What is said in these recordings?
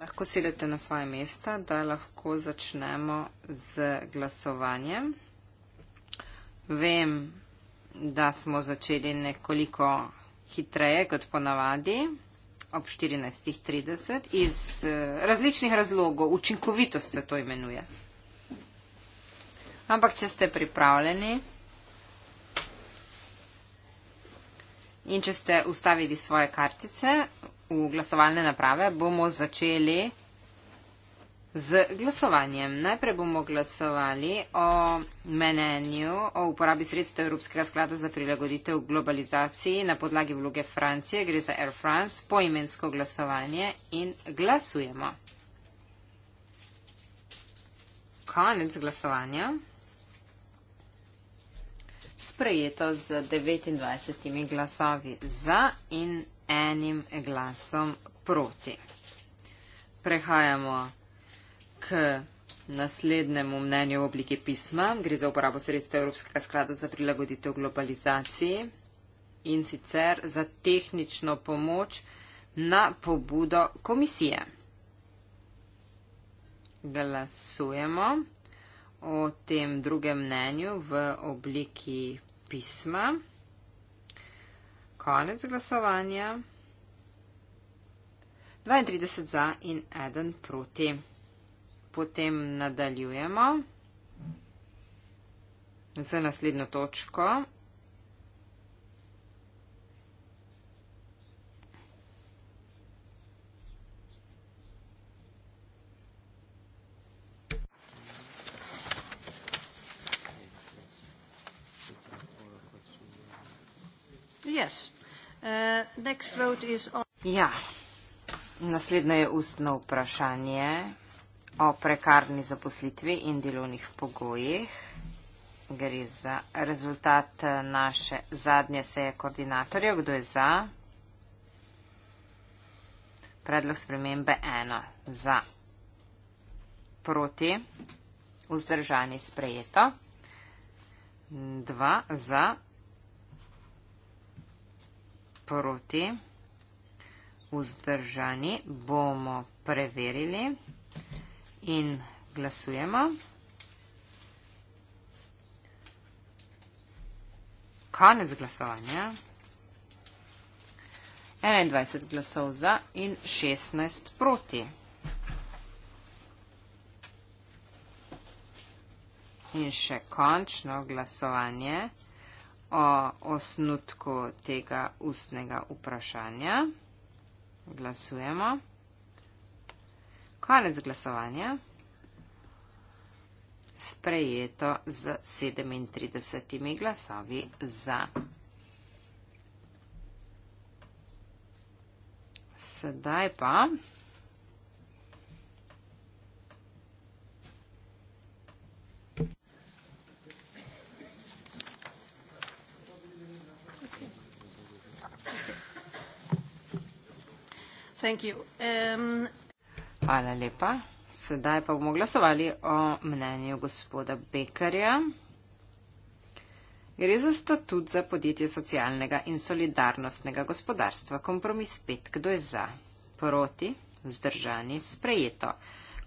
Lahko sedete na svoje mesta, da lahko začnemo z glasovanjem. Vem, da smo začeli nekoliko hitreje kot ponavadi ob 14.30 iz eh, različnih razlogov. Učinkovitost se to imenuje. Ampak, če ste pripravljeni. In če ste ustavili svoje kartice v glasovalne naprave, bomo začeli z glasovanjem. Najprej bomo glasovali o menenju o uporabi sredstva Evropskega sklada za prilagoditev globalizaciji na podlagi vloge Francije, gre za Air France, poimensko glasovanje in glasujemo. Konec glasovanja sprejeto z 29 glasovi za in enim glasom proti. Prehajamo k naslednjemu mnenju v obliki pisma. Gre za uporabo sredstva Evropskega sklada za prilagoditev globalizaciji in sicer za tehnično pomoč na pobudo komisije. Glasujemo o tem drugem mnenju v obliki pisma. Konec glasovanja. 32 za in 1 proti. Potem nadaljujemo z naslednjo točko, yes. Uh, next vote is on... Ja, naslednje je ustno vprašanje o prekarni zaposlitvi in delovnih pogojih. Gre za rezultat eh, naše zadnje seje koordinatorja. Kdo je za? Predlog spremembe ena. Za. Proti. Vzdržani sprejeto. Dva. Za proti vzdržani bomo preverili in glasujemo. Konec glasovanja. 21 glasov za in 16 proti. In še končno glasovanje o osnutku tega ustnega vprašanja. Glasujemo. Konec glasovanja. Sprejeto z 37 glasovi za. Sedaj pa. Um, Hvala lepa. Sedaj pa bomo glasovali o mnenju gospoda Bekarja. Gre za statut za podjetje socialnega in solidarnostnega gospodarstva. Kompromis pet. Kdo je za? Proti? Vzdržani? Sprejeto.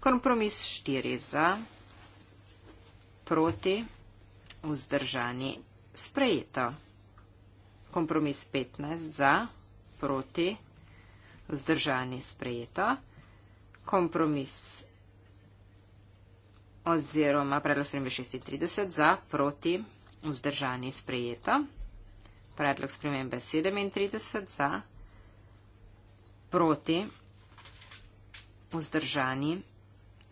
Kompromis štiri za? Proti? Vzdržani? Sprejeto. Kompromis 15 za, proti, vzdržani sprejeto. Kompromis oziroma predlog spremembe 36 za proti vzdržani sprejeto. Predlog spremembe 37 za proti vzdržani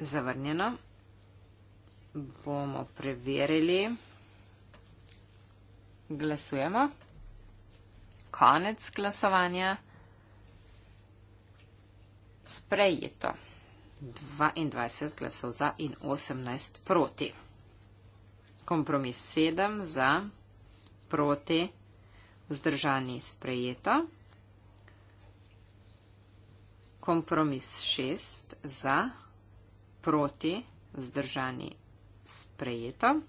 zavrnjeno. Bomo preverili. Glasujemo. Konec glasovanja sprejeto. 22 glasov za in 18 proti. Kompromis 7 za, proti, vzdržani sprejeto. Kompromis 6 za, proti, vzdržani sprejeto.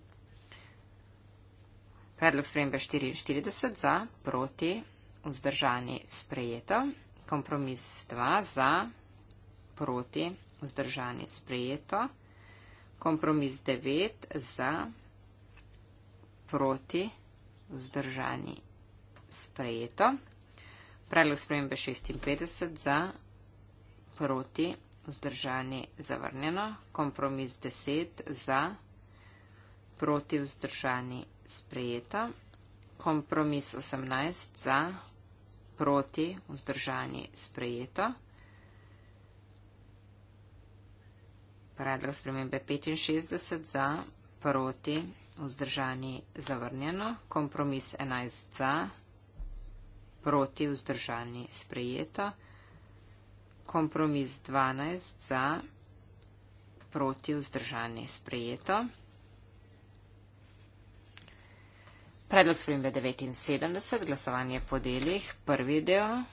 Predlog spremembe 44 za, proti, vzdržani sprejeto. Kompromis 2 za, proti, vzdržani sprejeto proti, vzdržani sprejeto, kompromis 9 za, proti, vzdržani sprejeto, predlog spremembe 56 za, proti, vzdržani zavrnjeno, kompromis 10 za, proti, vzdržani sprejeto, kompromis 18 za, proti, vzdržani sprejeto, Predlog spremembe 65 za, proti, vzdržani zavrnjeno, kompromis 11 za, proti, vzdržani sprejeto, kompromis 12 za, proti, vzdržani sprejeto. Predlog spremembe 79, glasovanje po delih, prvi del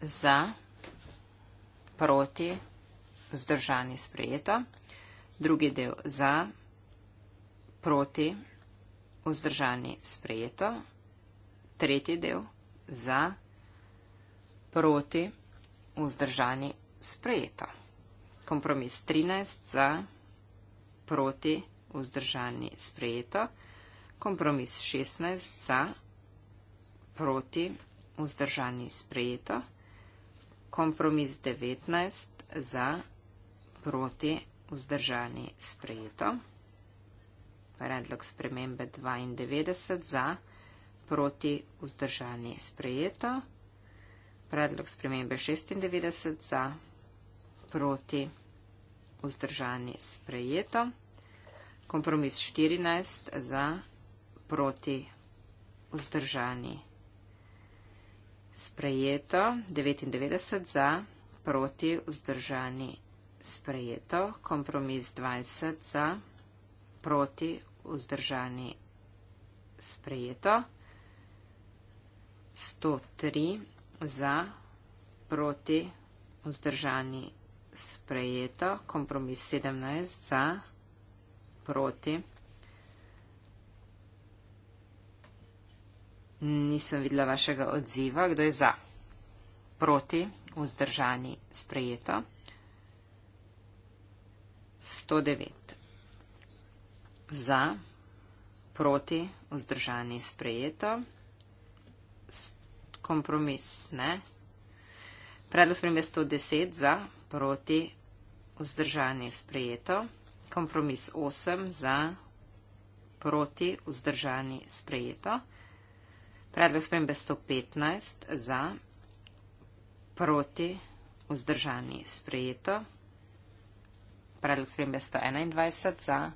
za, proti, vzdržani sprejeto vzdržani sprejeto, drugi del za, proti, vzdržani sprejeto, tretji del za, proti, vzdržani sprejeto. Kompromis 13 za, proti, vzdržani sprejeto, kompromis 16 za, proti, vzdržani sprejeto, kompromis 19 za, proti, vzdržani sprejeto, proti vzdržani sprejeto. Predlog spremembe 92 za proti vzdržani sprejeto. Predlog spremembe 96 za proti vzdržani sprejeto. Kompromis 14 za proti vzdržani sprejeto. 99 za proti vzdržani sprejeto sprejeto, kompromis 20 za, proti, vzdržani sprejeto, 103 za, proti, vzdržani sprejeto, kompromis 17 za, proti. Nisem videla vašega odziva, kdo je za, proti, vzdržani sprejeto. 109. Za, proti, vzdržani, sprejeto. Kompromis ne. Predlog spremembe 110 za, proti, vzdržani, sprejeto. Kompromis 8 za, proti, vzdržani, sprejeto. Predlog spremembe 115 za, proti, vzdržani, sprejeto predlog spremembe 121 za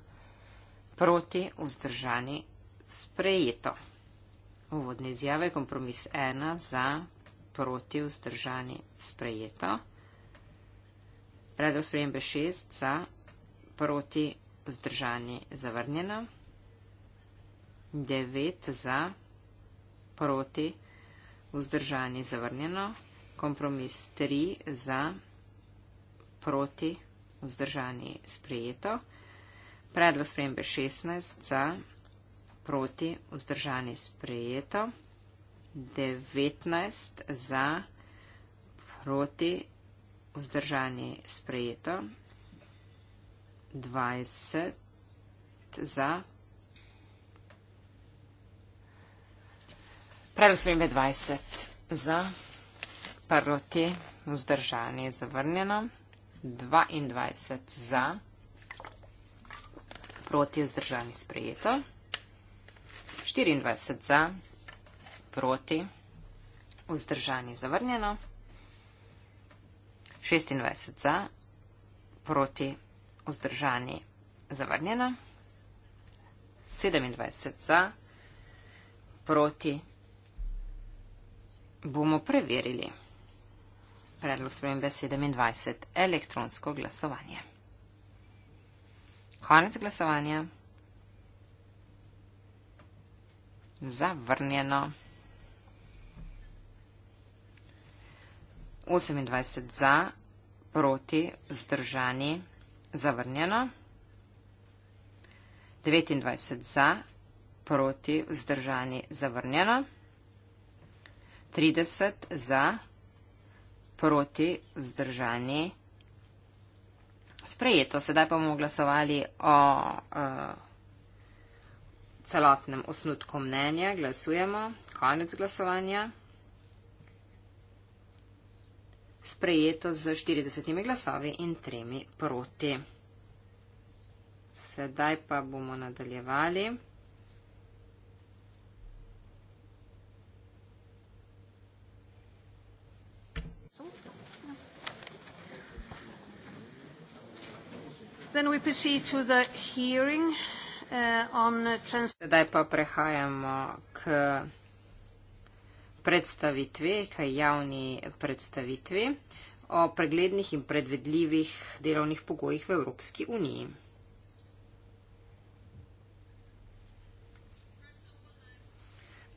proti vzdržani sprejeto. Uvodne izjave, kompromis 1 za proti vzdržani sprejeto. Predlog spremembe 6 za proti vzdržani zavrnjeno. 9 za proti vzdržani zavrnjeno. Kompromis 3 za proti vzdržani zavrnjeno vzdržani sprejeto. Predlog spremembe 16 za, proti vzdržani sprejeto. 19 za, proti vzdržani sprejeto. 20 za. Predlog spremembe 20 za, proti vzdržani zavrnjeno. 22 za, proti je zdržani sprejeto, 24 za, proti, vzdržani zavrnjeno, 26 za, proti, vzdržani zavrnjeno, 27 za, proti, bomo preverili predlog spremembe 27 elektronsko glasovanje. Konec glasovanja. Zavrnjeno. 28 za, proti, vzdržani, zavrnjeno. 29 za, proti, vzdržani, zavrnjeno. 30 za, proti vzdržani sprejeto. Sedaj pa bomo glasovali o uh, celotnem osnutku mnenja. Glasujemo. Konec glasovanja. Sprejeto z 40 glasovi in 3 proti. Sedaj pa bomo nadaljevali. Then we proceed to the hearing uh, on trans... Zdaj pa prehajamo k predstavitvi, k javni predstavitvi o preglednih in predvedljivih delovnih pogojih v Evropski uniji.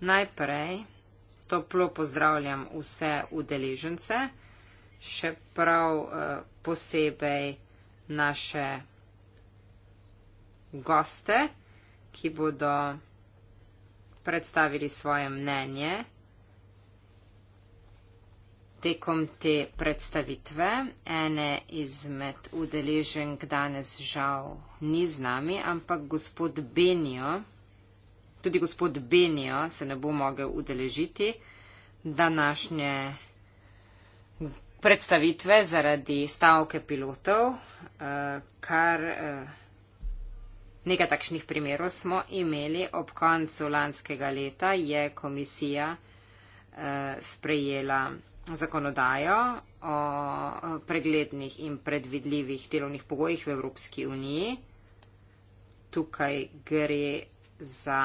Najprej toplo pozdravljam vse udeležence, še prav uh, posebej naše goste, ki bodo predstavili svoje mnenje tekom te predstavitve. Ene izmed udeleženk danes žal ni z nami, ampak gospod Benijo, tudi gospod Benijo se ne bo mogel udeležiti današnje predstavitve zaradi stavke pilotov, eh, kar eh, Nekaj takšnih primerov smo imeli. Ob koncu lanskega leta je komisija eh, sprejela zakonodajo o eh, preglednih in predvidljivih delovnih pogojih v Evropski uniji. Tukaj gre za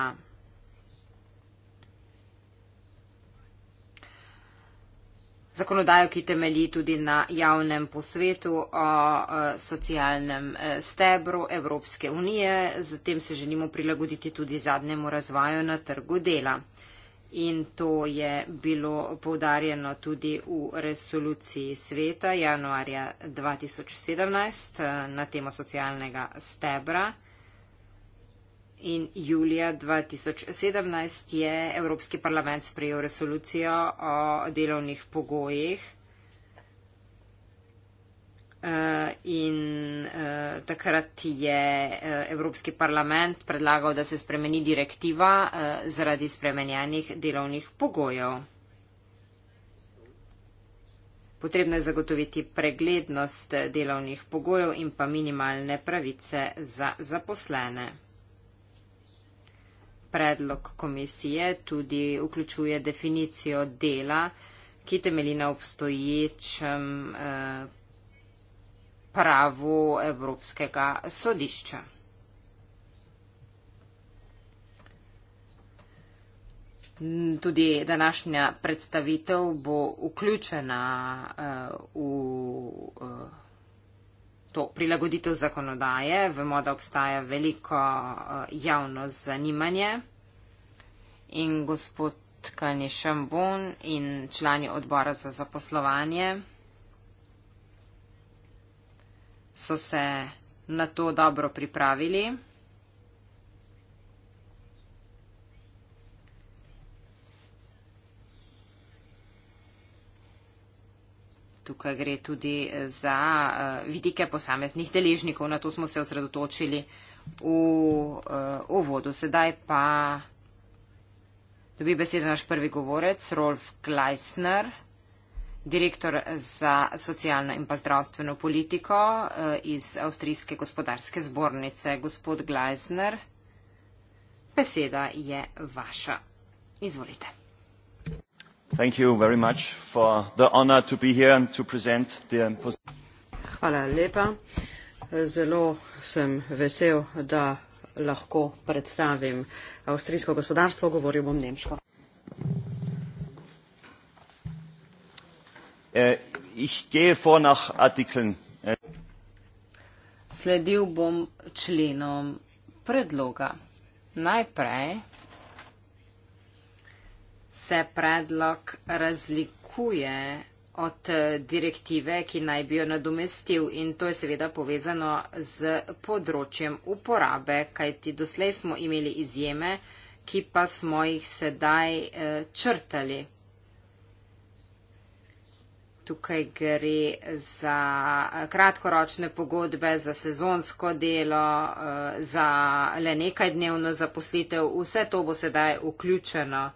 zakonodajo, ki temelji tudi na javnem posvetu o socialnem e, stebru Evropske unije. Zatem se želimo prilagoditi tudi zadnjemu razvaju na trgu dela. In to je bilo povdarjeno tudi v resoluciji sveta januarja 2017 e, na temo socialnega stebra. In julija 2017 je Evropski parlament sprejel resolucijo o delovnih pogojih. Eh, in eh, takrat je eh, Evropski parlament predlagal, da se spremeni direktiva zaradi spremenjenih delovnih pogojev. Potrebno je zagotoviti preglednost delovnih pogojev in pa minimalne pravice za zaposlene predlog komisije tudi vključuje definicijo dela, ki temelji na obstoječem eh, pravu Evropskega sodišča. Tudi današnja predstavitev bo vključena eh, v to prilagoditev zakonodaje. Vemo, da obstaja veliko eh, javno zanimanje. In gospod Kani Šambun in člani odbora za zaposlovanje so se na to dobro pripravili. tukaj gre tudi eh, za uh, vidike posameznih deležnikov. Na to smo se osredotočili v eh, uvodu. Uh, Sedaj pa dobi besedo naš prvi govorec, Rolf Gleisner, direktor za socialno in pa zdravstveno politiko uh, iz Avstrijske gospodarske zbornice. Gospod Gleisner, beseda je vaša. Izvolite. Thank you very much for the honor to be here and to present the Hvala lepa. Zelo sem vesel, da lahko predstavim avstrijsko gospodarstvo, govoril bom nemško. Uh, ich gehe vor nach Artikeln. Eh. Sledil bom členom predloga. Najprej se predlog razlikuje od eh, direktive, ki naj bi jo nadomestil in to je seveda povezano z področjem uporabe, kajti doslej smo imeli izjeme, ki pa smo jih sedaj eh, črtali. Tukaj gre za eh, kratkoročne pogodbe, za sezonsko delo, za le nekaj dnevno zaposlitev. Vse to bo sedaj vključeno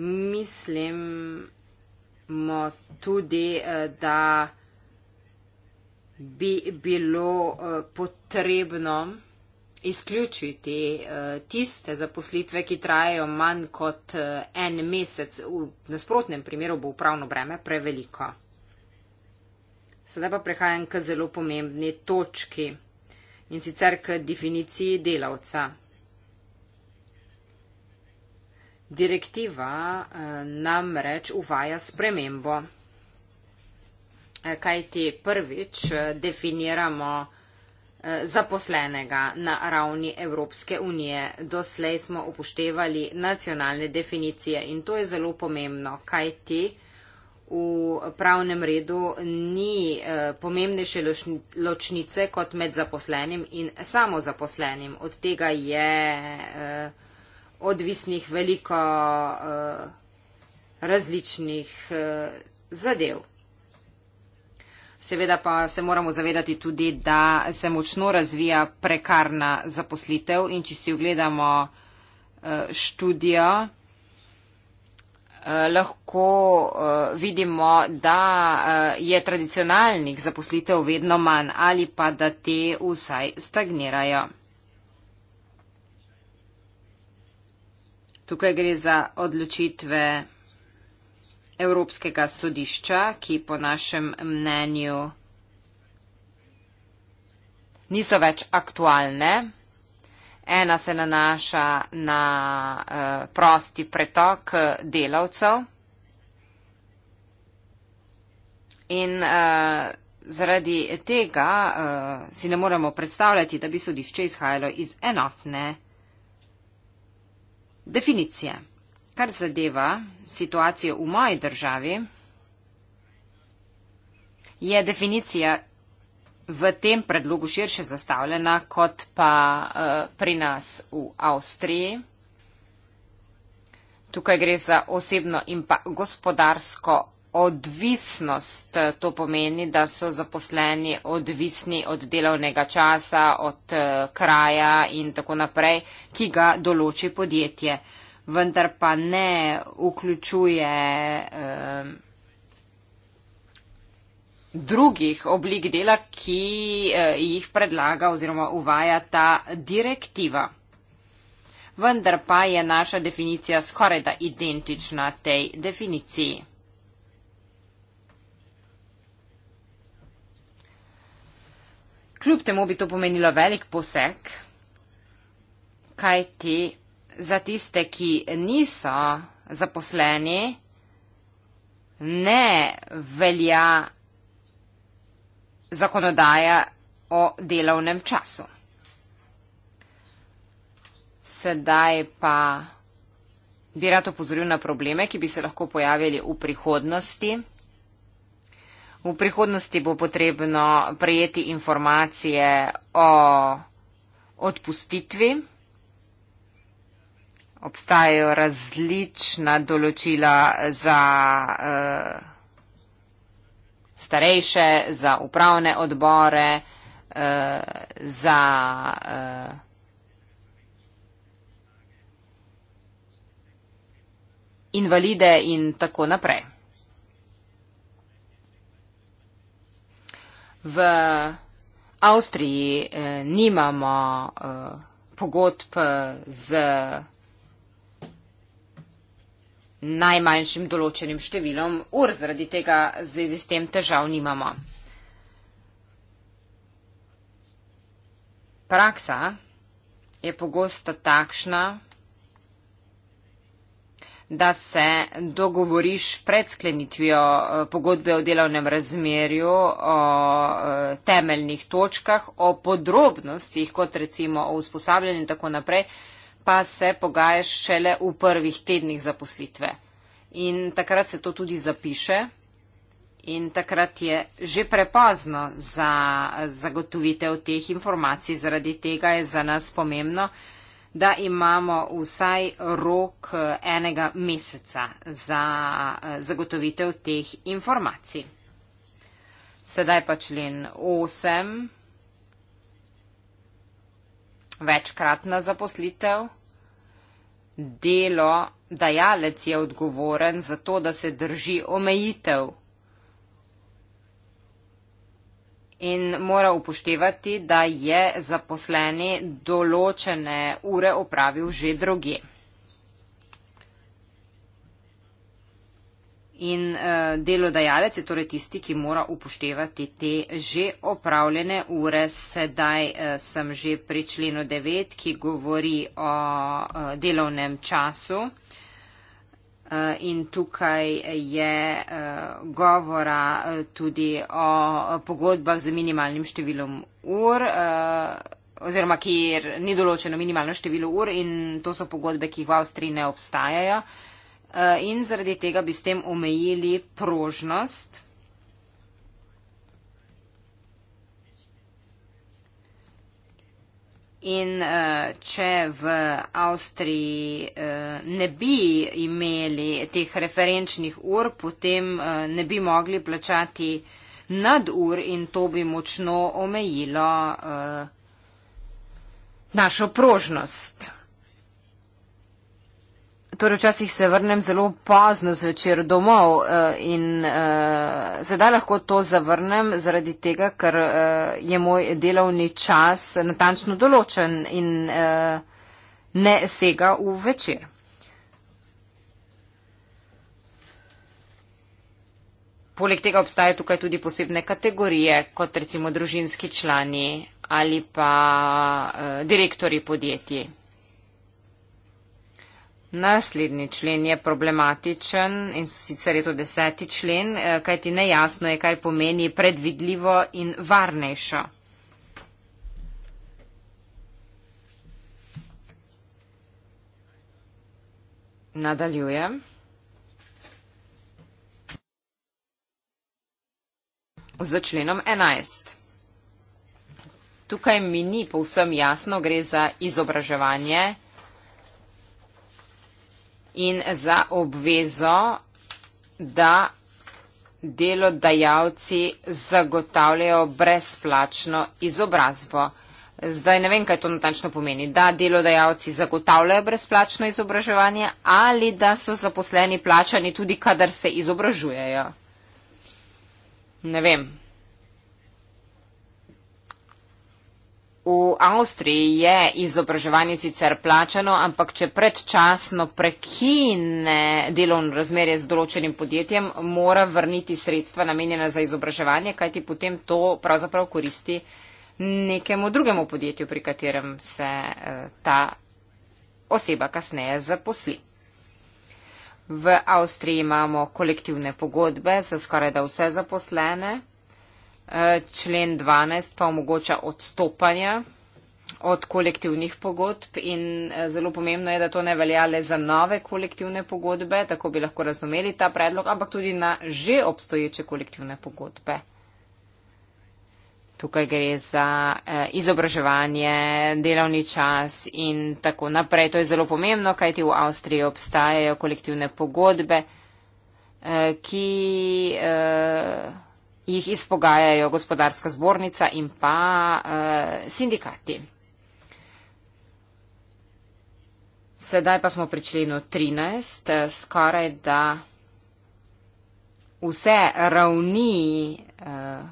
mislimo tudi, eh, da bi bilo eh, potrebno izključiti eh, tiste zaposlitve, ki trajajo manj kot en mesec. V nasprotnem primeru bo upravno breme preveliko. Sedaj pa prehajam k zelo pomembni točki in sicer k definiciji delavca. Direktiva eh, namreč uvaja spremembo, eh, kaj ti prvič eh, definiramo zaposlenega na ravni Evropske unije. Doslej smo upoštevali nacionalne definicije in to je zelo pomembno, kaj ti v pravnem redu ni pomembnejše ločnice kot med zaposlenim in samozaposlenim. Od tega je odvisnih veliko eh, različnih eh, zadev. Seveda pa se moramo zavedati tudi, da se močno razvija prekarna zaposlitev in če si ogledamo eh, študijo, lahko vidimo, da je tradicionalnih zaposlitev vedno manj ali pa da te vsaj stagnirajo. Tukaj gre za odločitve Evropskega sodišča, ki po našem mnenju niso več aktualne. Ena se nanaša na eh, prosti pretok eh, delavcev in eh, zaradi tega si ne moremo predstavljati, da bi sodišče izhajalo iz enotne Definicije. Kar zadeva situacijo v moji državi, je definicija v tem predlogu širše zastavljena kot pa uh, pri nas v Avstriji. Tukaj gre za osebno in pa gospodarsko odvisnost, to pomeni, da so zaposleni odvisni od delovnega časa, od eh, kraja in tako naprej, ki ga določi podjetje. Vendar pa ne vključuje eh, drugih oblik dela, ki eh, jih predlaga oziroma uvaja ta direktiva. Vendar pa je naša definicija skoraj da identična tej definiciji. Kljub temu bi to pomenilo velik poseg, kaj ti za tiste, ki niso zaposleni, ne velja zakonodaja o delovnem času. Sedaj pa bi rad opozoril na probleme, ki bi se lahko pojavili v prihodnosti. V prihodnosti bo potrebno prejeti informacije o odpustitvi. Obstajajo različna določila za uh, starejše, za upravne odbore, uh, za uh, invalide in tako naprej. v Avstriji eh, nimamo eh, pogodb eh, z najmanjšim določenim številom ur, zaradi tega v zvezi s tem težav nimamo. Praksa je pogosto takšna, da se dogovoriš pred sklenitvijo eh, pogodbe o delovnem razmerju, o eh, temeljnih točkah, o podrobnostih, kot recimo o usposabljanju in tako naprej, pa se pogajaš šele v prvih tednih zaposlitve. In takrat se to tudi zapiše in takrat je že prepozno za zagotovitev teh informacij. Zaradi tega je za nas pomembno, da imamo vsaj rok eh, enega meseca za eh, zagotovitev teh informacij. Sedaj pa člen 8. Večkratna zaposlitev. Delo dajalec je odgovoren za to, da se drži omejitev in mora upoštevati, da je zaposleni določene ure opravil že drugi. In eh, delodajalec je torej tisti, ki mora upoštevati te že opravljene ure. Sedaj eh, sem že pri členu 9, ki govori o eh, delovnem času. Eh, in tukaj je eh, govora eh, tudi o pogodbah z minimalnim številom ur oziroma kjer ni določeno minimalno število ur in to so pogodbe, ki jih v Avstriji ne obstajajo. In zaradi tega bi s tem omejili prožnost In uh, če v Avstriji uh, ne bi imeli teh referenčnih ur, potem uh, ne bi mogli plačati nad ur in to bi močno omejilo uh, našo prožnost. Torej, včasih se vrnem zelo pozno zvečer domov uh, in uh, sedaj lahko to zavrnem zaradi tega, ker uh, je moj delovni čas natančno določen in uh, ne sega v večer. Poleg tega obstajajo tukaj tudi posebne kategorije, kot recimo družinski člani ali pa uh, direktori podjetij. Naslednji člen je problematičen in sicer je to deseti člen, eh, kajti nejasno je, kaj pomeni predvidljivo in varnejšo. Nadaljujem. Za členom 11. Tukaj mi ni povsem jasno, gre za izobraževanje in za obvezo, da delodajalci zagotavljajo brezplačno izobrazbo. Zdaj ne vem, kaj to natančno pomeni. Da delodajalci zagotavljajo brezplačno izobraževanje ali da so zaposleni plačani tudi, kadar se izobražujejo. Ne vem, V Avstriji je izobraževanje sicer plačano, ampak če predčasno prekine delovno razmerje z določenim podjetjem, mora vrniti sredstva namenjena za izobraževanje, kajti potem to pravzaprav koristi nekemu drugemu podjetju, pri katerem se eh, ta oseba kasneje zaposli. V Avstriji imamo kolektivne pogodbe za skoraj da vse zaposlene člen 12 pa omogoča odstopanja od kolektivnih pogodb in eh, zelo pomembno je, da to ne velja le za nove kolektivne pogodbe, tako bi lahko razumeli ta predlog, ampak tudi na že obstoječe kolektivne pogodbe. Tukaj gre za eh, izobraževanje, delovni čas in tako naprej. To je zelo pomembno, kajti v Avstriji obstajajo kolektivne pogodbe, eh, ki. Eh, jih izpogajajo gospodarska zbornica in pa uh, sindikati. Sedaj pa smo pri členu 13. Eh, skoraj da vse ravni uh,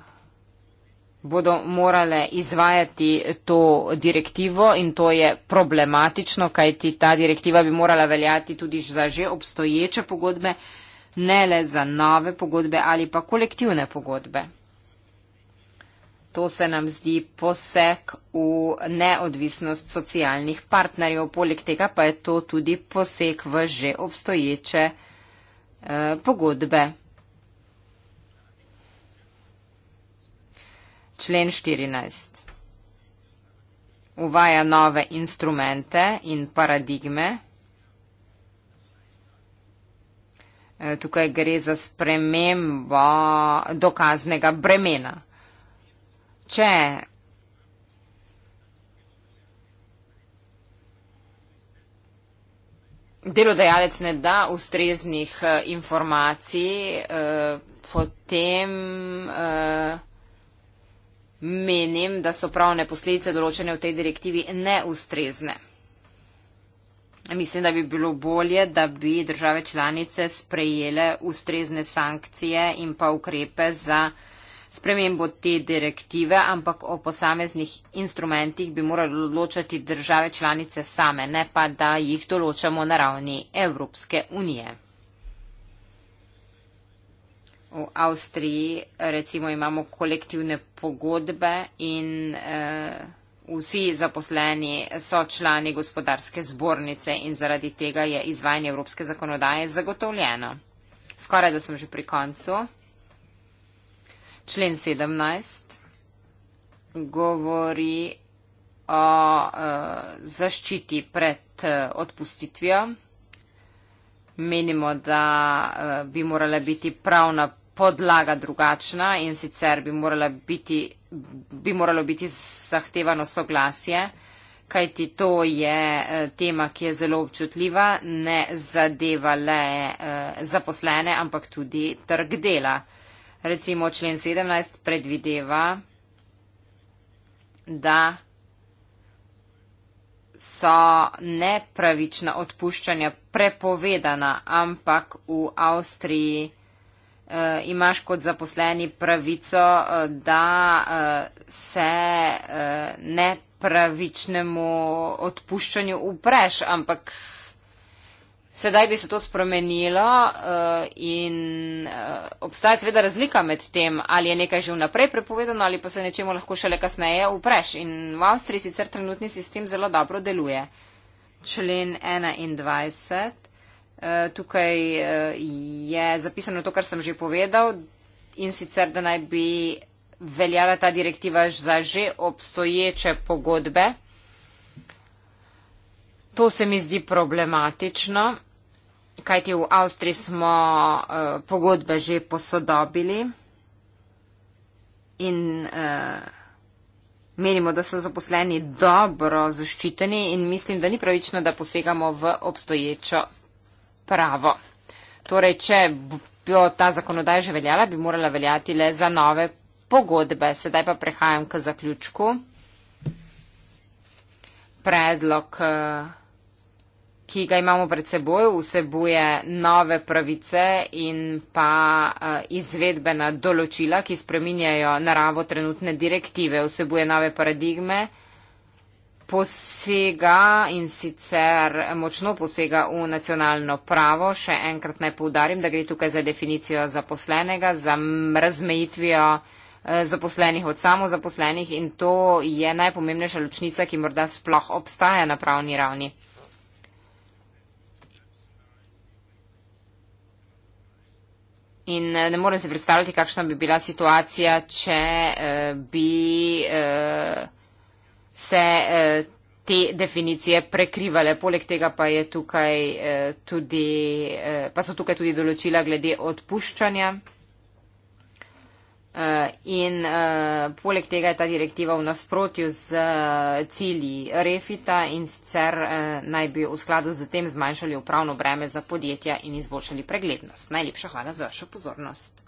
bodo morale izvajati to direktivo in to je problematično, kajti ta direktiva bi morala veljati tudi za že obstoječe pogodbe. Uh, ne le za nove pogodbe ali pa kolektivne pogodbe. To se nam zdi poseg v neodvisnost socialnih partnerjev, poleg tega pa je to tudi poseg v že obstoječe eh, pogodbe. Člen 14. Uvaja nove instrumente in paradigme, Eh, tukaj gre za spremembo dokaznega bremena. Če delodajalec ne da ustreznih eh, informacij, eh, potem menim, da so pravne posledice določene v tej direktivi neustrezne. Mislim, da bi bilo bolje, da bi države članice sprejele ustrezne sankcije in pa ukrepe za spremembo te direktive, ampak o posameznih instrumentih bi morali odločati države članice same, ne pa da jih določamo na ravni Evropske unije. V Avstriji recimo imamo kolektivne pogodbe in. Eh, vsi zaposleni so člani gospodarske zbornice in zaradi tega je izvajanje evropske zakonodaje zagotovljeno. Skoraj da sem že pri koncu. Člen 17 govori o uh, zaščiti pred uh, odpustitvijo. Menimo, da uh, bi morala biti pravna podlaga drugačna in sicer bi, biti, bi moralo biti zahtevano soglasje, kajti to je eh, tema, ki je zelo občutljiva, ne zadeva le eh, zaposlene, ampak tudi trg dela. Recimo člen 17 predvideva, da so nepravična odpuščanja prepovedana, ampak v Avstriji uh, imaš kot zaposleni pravico, uh, da uh, se uh, nepravičnemu odpuščanju upreš, ampak sedaj bi se to spremenilo uh, in uh, obstaja seveda razlika med tem, ali je nekaj že vnaprej prepovedano ali pa se nečemu lahko šele kasneje upreš. In v Avstriji sicer trenutni sistem zelo dobro deluje. Člen 21. Eh, tukaj eh, je zapisano to, kar sem že povedal in sicer, da naj bi veljala ta direktiva za že obstoječe pogodbe. To se mi zdi problematično, kajti v Avstriji smo eh, pogodbe že posodobili in menimo, da so zaposleni dobro zaščiteni in mislim, da ni pravično, da posegamo v obstoječo pravo. Torej, če bi ta zakonodaja že veljala, bi morala veljati le za nove pogodbe. Sedaj pa prehajam k zaključku. Predlog, eh, ki ga imamo pred seboj, vsebuje nove pravice in pa eh, izvedbena določila, ki spreminjajo naravo trenutne direktive, vsebuje nove paradigme posega in sicer močno posega v nacionalno pravo. Še enkrat naj poudarim, da gre tukaj za definicijo zaposlenega, za razmejitvijo eh, zaposlenih od samozaposlenih in to je najpomembnejša ločnica, ki morda sploh obstaja na pravni ravni. In eh, ne morem se predstavljati, kakšna bi bila situacija, če eh, bi. Eh, se eh, te definicije prekrivale. Poleg tega pa, tukaj eh, tudi, eh, pa so tukaj tudi določila glede odpuščanja. In uh, poleg tega je ta direktiva v nasprotju z uh, cilji refita in sicer uh, naj bi v skladu z tem zmanjšali upravno breme za podjetja in izboljšali preglednost. Najlepša hvala za vašo pozornost.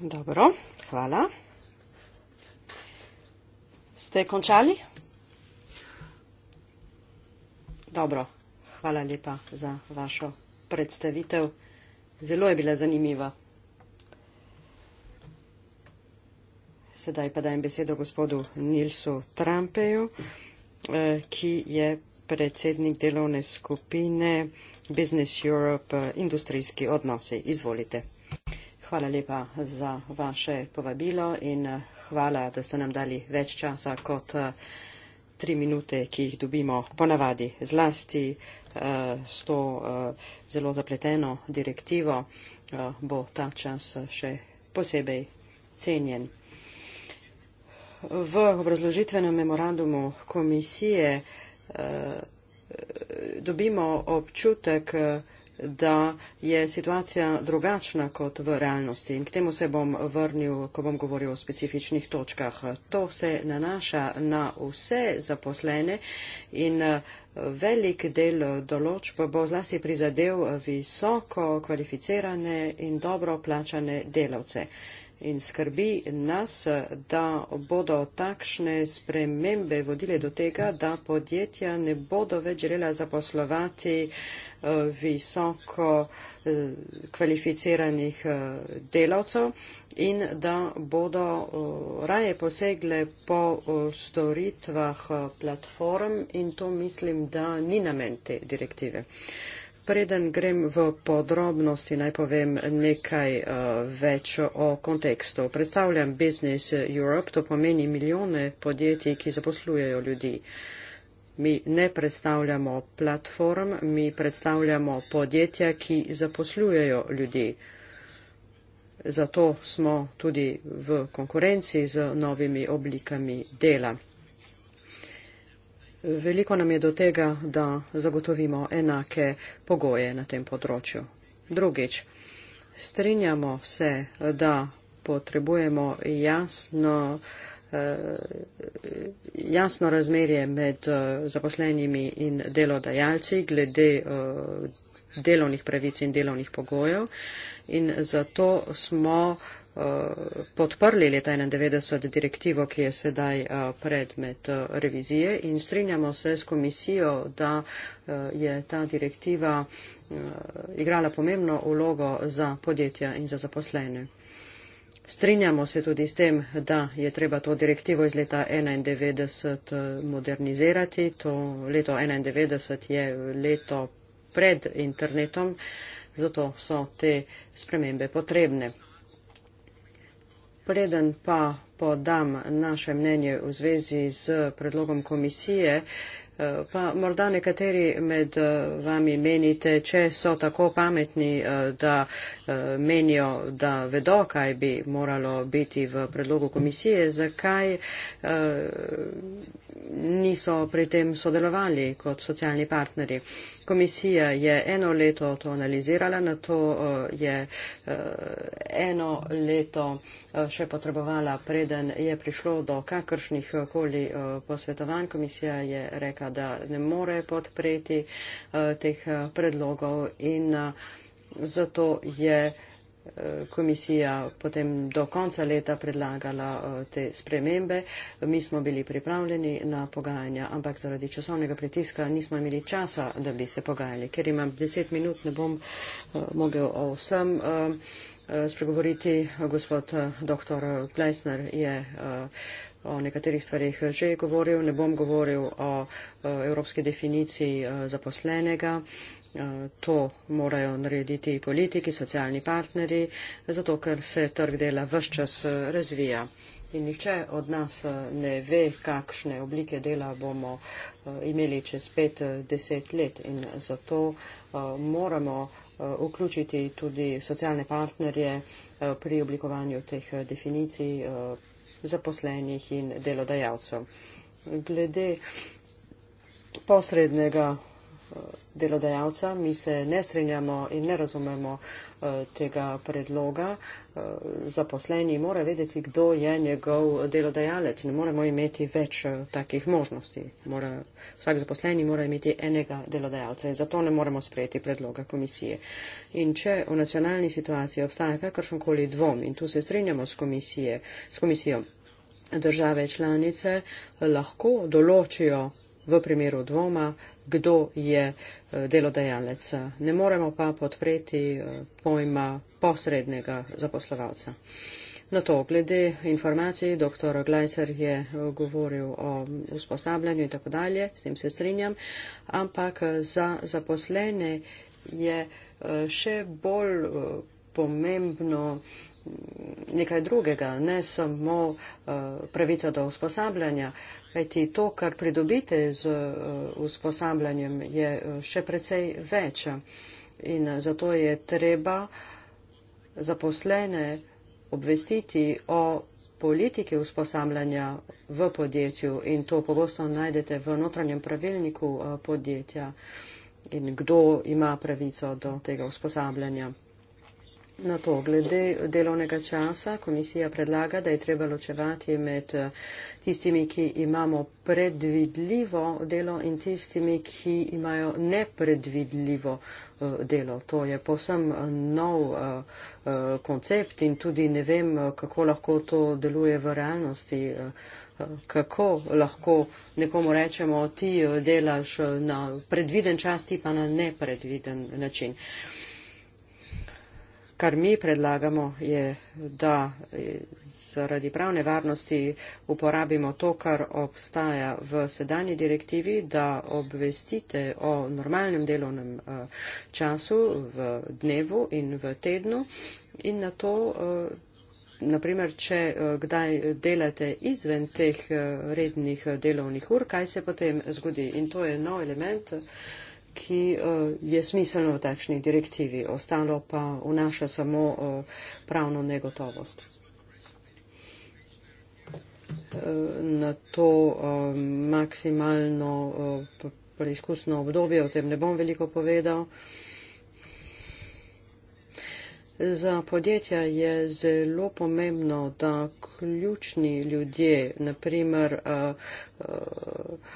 Dobro, hvala. Ste končali? Dobro, hvala lepa za vašo predstavitev. Zelo je bila zanimiva. Sedaj pa dajem besedo gospodu Nilsu Trumpeju, eh, ki je predsednik delovne skupine Business Europe Industrijski odnosi. Izvolite. Hvala lepa za vaše povabilo in eh, hvala, da ste nam dali več časa kot eh, tri minute, ki jih dobimo ponavadi zlasti eh, s to zelo zapleteno direktivo. Bo ta čas še posebej cenjen. V obrazložitvenem memorandumu komisije dobimo občutek, da je situacija drugačna kot v realnosti. In k temu se bom vrnil, ko bom govoril o specifičnih točkah. To se nanaša na vse zaposlene in eh, velik del določb bo zlasti prizadel visoko kvalificirane in dobro plačane delavce in skrbi nas, da bodo takšne spremembe vodile do tega, da podjetja ne bodo več želela zaposlovati eh, visoko eh, kvalificiranih eh, delavcev in da bodo raje posegle po storitvah platform in to mislim, da ni namen te direktive. Preden grem v podrobnosti, naj povem nekaj eh, več o kontekstu. Predstavljam Business Europe, to pomeni milijone podjetij, ki zaposlujejo ljudi. Mi ne predstavljamo platform, mi predstavljamo podjetja, ki zaposlujejo ljudi. Zato smo tudi v konkurenci z novimi oblikami dela. Veliko nam je do tega, da zagotovimo enake pogoje na tem področju. Drugič, strinjamo se, da potrebujemo jasno, eh, jasno razmerje med eh, zaposlenimi in delodajalci glede eh, delovnih pravic in delovnih pogojev. In zato smo Eh, podprli leta 1991 direktivo, ki je sedaj eh, predmet eh, revizije in strinjamo se s komisijo, da je ta direktiva igrala pomembno vlogo za podjetja in za zaposlene. Strinjamo se tudi s tem, da je treba to direktivo iz leta 1991 modernizirati. To leto 1991 je leto pred internetom, zato so te spremembe potrebne. Preden pa podam naše mnenje v zvezi z predlogom komisije, eh, pa morda nekateri med eh, vami menite, če so tako pametni, eh, da menijo, da vedo, kaj bi moralo biti v predlogu komisije, zakaj niso pri tem sodelovali kot socialni partnerji. Komisija je eno leto to analizirala, na to eh, je eh, eno leto eh, še potrebovala, preden je prišlo do kakršnih koli posvetovanj. Komisija je reka, da ne more podpreti teh predlogov in zato je komisija potem do konca leta predlagala eh, te spremembe. Mi smo bili pripravljeni na pogajanja, ampak zaradi časovnega pritiska nismo imeli časa, da bi se pogajali. Ker imam deset minut, ne bom eh, mogel o vsem eh, spregovoriti. Gospod dr. Gleisner je o nekaterih stvarih že govoril. Ne bom govoril o evropski definiciji zaposlenega to morajo narediti politiki, socialni partneri, zato ker se trg dela vse čas e, razvija. In nihče od nas e, ne ve, kakšne oblike dela bomo e, imeli čez pet, deset let. In zato moramo vključiti tudi socialne partnerje pri oblikovanju teh definicij zaposlenih in delodajalcev. Glede posrednega delodajalca. Mi se ne strinjamo in ne razumemo eh, tega predloga. Eh, zaposleni mora vedeti, kdo je njegov delodajalec. Ne moremo imeti več eh, takih možnosti. Mora, vsak zaposleni mora imeti enega delodajalca in zato ne moremo sprejeti predloga komisije. In če v nacionalni situaciji obstaja kakršenkoli dvom in tu se strinjamo s, komisije, s komisijo, države članice lahko določijo v primeru dvoma, kdo je eh, delodajalec. Ne moremo pa podpreti eh, pojma posrednega zaposlovalca. Na to, glede informacij, dr. Gleiser je eh, govoril o usposabljanju in tako dalje, s tem se strinjam, ampak za zaposlene je še bolj pomembno nekaj drugega, ne samo uh, eh, pravica do usposabljanja. Kajti to, kar pridobite z uh, usposabljanjem, je eh, še precej več. In zato je treba zaposlene obvestiti o politiki usposabljanja v podjetju in to pogosto najdete v notranjem pravilniku podjetja in kdo ima pravico do tega usposabljanja na to, glede delovnega časa, komisija predlaga, da je treba ločevati med eh, tistimi, ki imamo predvidljivo delo in tistimi, ki imajo nepredvidljivo eh, delo. To je posem eh, nov koncept in tudi ne vem, kako lahko to deluje v realnosti. Kako lahko nekomu rečemo, ti delaš na predviden čas, ti pa na nepredviden način. Kar mi predlagamo je, da eh, zaradi pravne varnosti uporabimo to, kar obstaja v sedanji direktivi, da obvestite o normalnem delovnem eh, času v dnevu in v tednu in na to, eh, naprimer, če kdaj delate izven teh rednih delovnih ur, kaj se potem zgodi. In to je nov element ki uh, je smiselno v takšni direktivi, ostalo pa vnaša samo uh, pravno negotovost. Eh, na to um, maksimalno uh, preizkusno obdobje, o tem ne bom veliko povedal. Za podjetja je zelo pomembno, da ključni ljudje, naprimer uh, uh,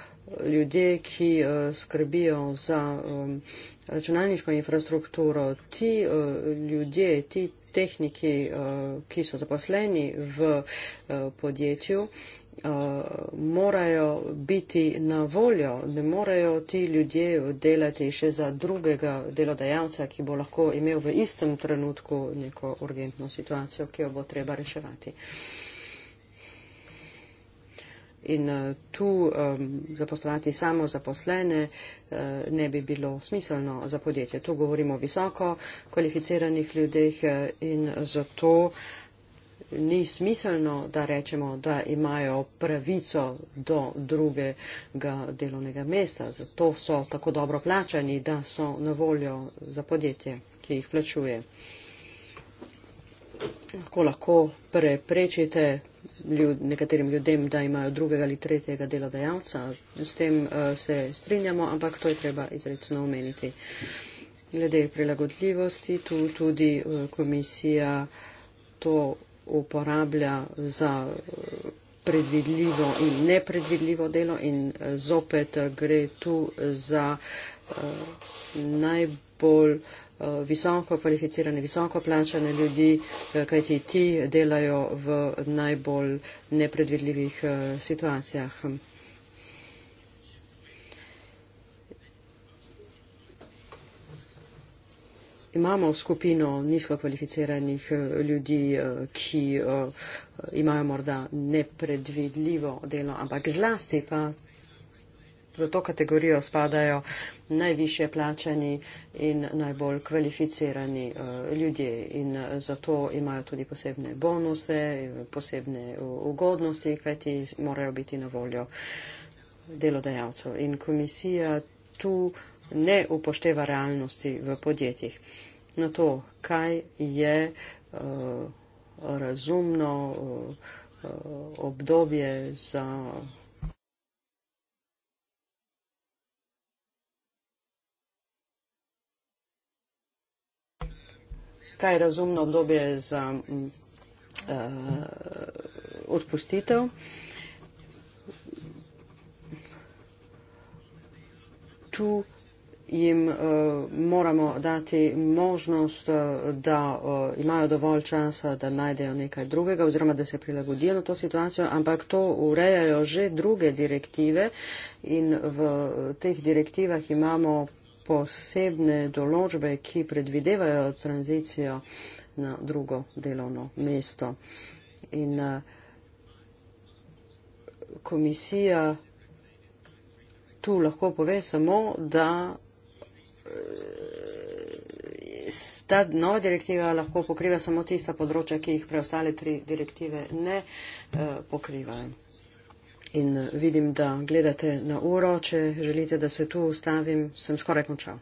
ljudje, ki eh, skrbijo za eh, računalniško infrastrukturo, ti eh, ljudje, ti tehniki, ki so zaposleni v podjetju, morajo biti na voljo, ne morejo ti ljudje delati še za drugega delodajalca, ki bo lahko imel v istem trenutku neko urgentno situacijo, ki jo bo treba reševati. In eh, tu um, zaposlovati samo zaposlene uh, eh, ne bi bilo smiselno za podjetje. Tu govorimo o visoko kvalificiranih ljudeh eh, in zato ni smiselno, da rečemo, da imajo pravico do drugega delovnega mesta. Zato so tako dobro plačani, da so na voljo za podjetje, ki jih plačuje. Lahko lahko preprečite ljud, nekaterim ljudem, da imajo drugega ali tretjega delodajalca. S tem uh, se strinjamo, ampak to je treba izredno omeniti. Glede prilagodljivosti, tu tudi uh, komisija to uporablja za eh, predvidljivo in nepredvidljivo delo in uh, zopet uh, gre tu za uh, najbolj uh, Eh, visoko kvalificirane, visoko plačane ljudi, eh, kajti ti delajo v najbolj nepredvidljivih eh, situacijah. Imamo skupino nizko kvalificiranih ljudi, ki imajo morda nepredvidljivo delo, ampak zlasti pa v to kategorijo spadajo najviše plačani in najbolj kvalificirani uh, ljudje in uh, zato imajo tudi posebne bonuse, posebne eh, ugodnosti, kajti morajo biti na voljo delodajalcev. In komisija tu ne upošteva realnosti v podjetjih na to, kaj je uh, razumno uh, obdobje za. kaj je razumno obdobje za uh, odpustitev. Tu jim uh, moramo dati možnost, uh, da uh, imajo dovolj časa, da najdejo nekaj drugega oziroma da se prilagodijo na to situacijo, ampak to urejajo že druge direktive in v teh direktivah imamo posebne določbe, ki predvidevajo tranzicijo na drugo delovno mesto. In eh, komisija tu lahko pove samo, da eh, ta nova direktiva lahko pokriva samo tista področja, ki jih preostale tri direktive ne eh, pokrivajo in eh, vidim, da gledate na uro. Če želite, da se tu ustavim, sem skoraj končal.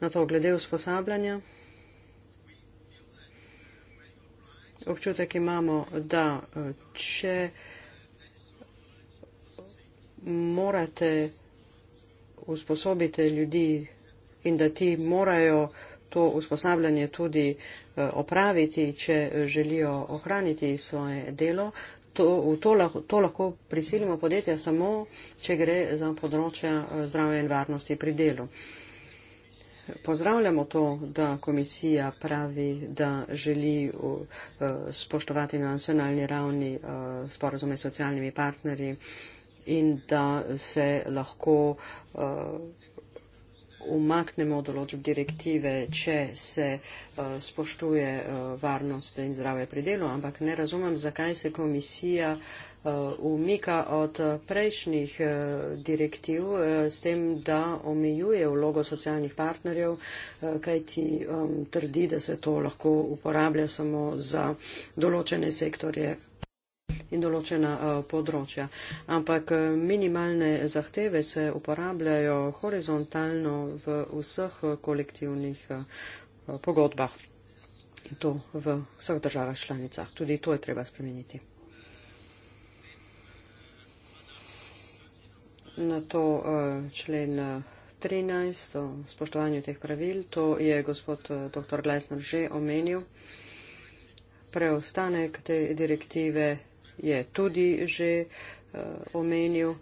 Na to glede usposabljanja. Občutek imamo, da eh, če morate usposobiti ljudi in da ti morajo to usposabljanje tudi uh, opraviti, če želijo ohraniti svoje delo. To, to, lahko, to lahko prisilimo podjetja samo, če gre za področja eh, zdravja in varnosti pri delu. Pozdravljamo to, da komisija pravi, da želi eh, spoštovati na nacionalni ravni eh, sporozume s socialnimi partnerji in da se lahko umaknemo določb direktive, če se eh, spoštuje eh, varnost in zdravje pri delu, ampak ne razumem, zakaj se komisija eh, umika od prejšnjih direktiv s tem, da omejuje vlogo socialnih partnerjev, kajti trdi, da se to lahko uporablja samo za določene sektorje in določena eh, področja. Ampak eh, minimalne zahteve se uporabljajo horizontalno v vseh eh, kolektivnih pogodbah. In to v vseh državah članicah. Tudi to je treba spremeniti. Na to člen 13 o spoštovanju teh pravil, to je gospod dr. Gleisner že omenil. Preostanek te direktive je tudi že uh, omenil.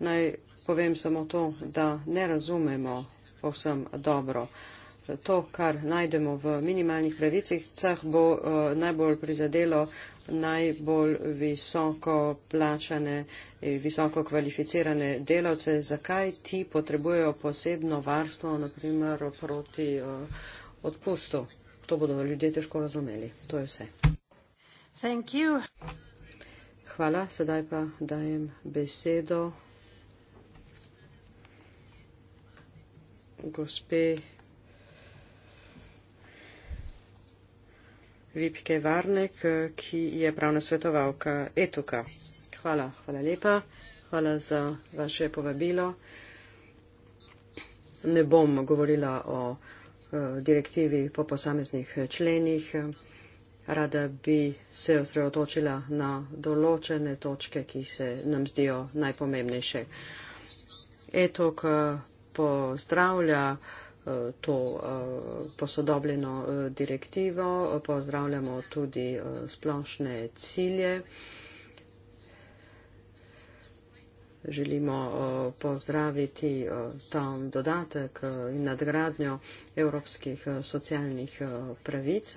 Naj povem samo to, da ne razumemo povsem dobro. To, kar najdemo v minimalnih pravicah, bo uh, najbolj prizadelo najbolj visoko plačane, eh, visoko kvalificirane delavce. Zakaj ti potrebujejo posebno varstvo, naprimer proti uh, odpustu? To bodo ljudje težko razumeli. To je vse. Thank you. Hvala, sedaj pa dajem besedo gospe Vipke Varnek, ki je pravna svetovalka Etuka. Hvala, hvala lepa, hvala za vaše povabilo. Ne bom govorila o eh, direktivi po posameznih eh, členih rada bi se osredotočila na določene točke, ki se nam zdijo najpomembnejše. ETOK eh, pozdravlja eh, to eh, posodobljeno direktivo, pozdravljamo tudi splošne cilje. Želimo pozdraviti ta dodatek in nadgradnjo evropskih socialnih pravic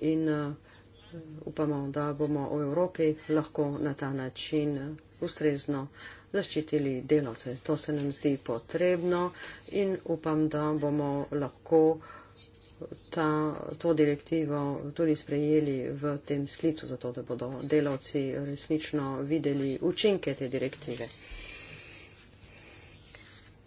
in eh, upamo, da bomo v Evropi lahko na ta način eh, ustrezno zaščitili delovce. To se nam zdi potrebno in upam, da bomo lahko eh, ta, to direktivo tudi sprejeli v tem sklicu, zato da bodo delovci resnično videli učinke te direktive.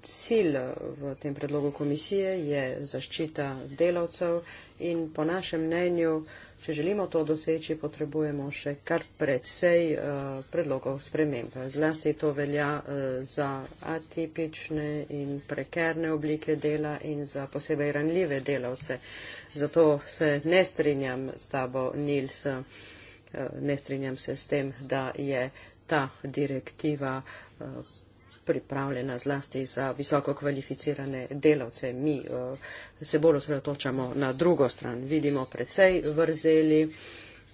Cilj v tem predlogu komisije je zaščita delavcev in po našem mnenju, če želimo to doseči, potrebujemo še kar predsej uh, eh, predlogov sprememb. Zlasti to velja uh, za atipične in prekerne oblike dela in za posebej ranljive delavce. Zato se ne strinjam s tabo, Nils, uh, ne strinjam se s tem, da je ta direktiva uh, pripravljena zlasti za visoko kvalificirane delavce. Mi eh, se bolj osredotočamo na drugo stran. Vidimo precej vrzeli.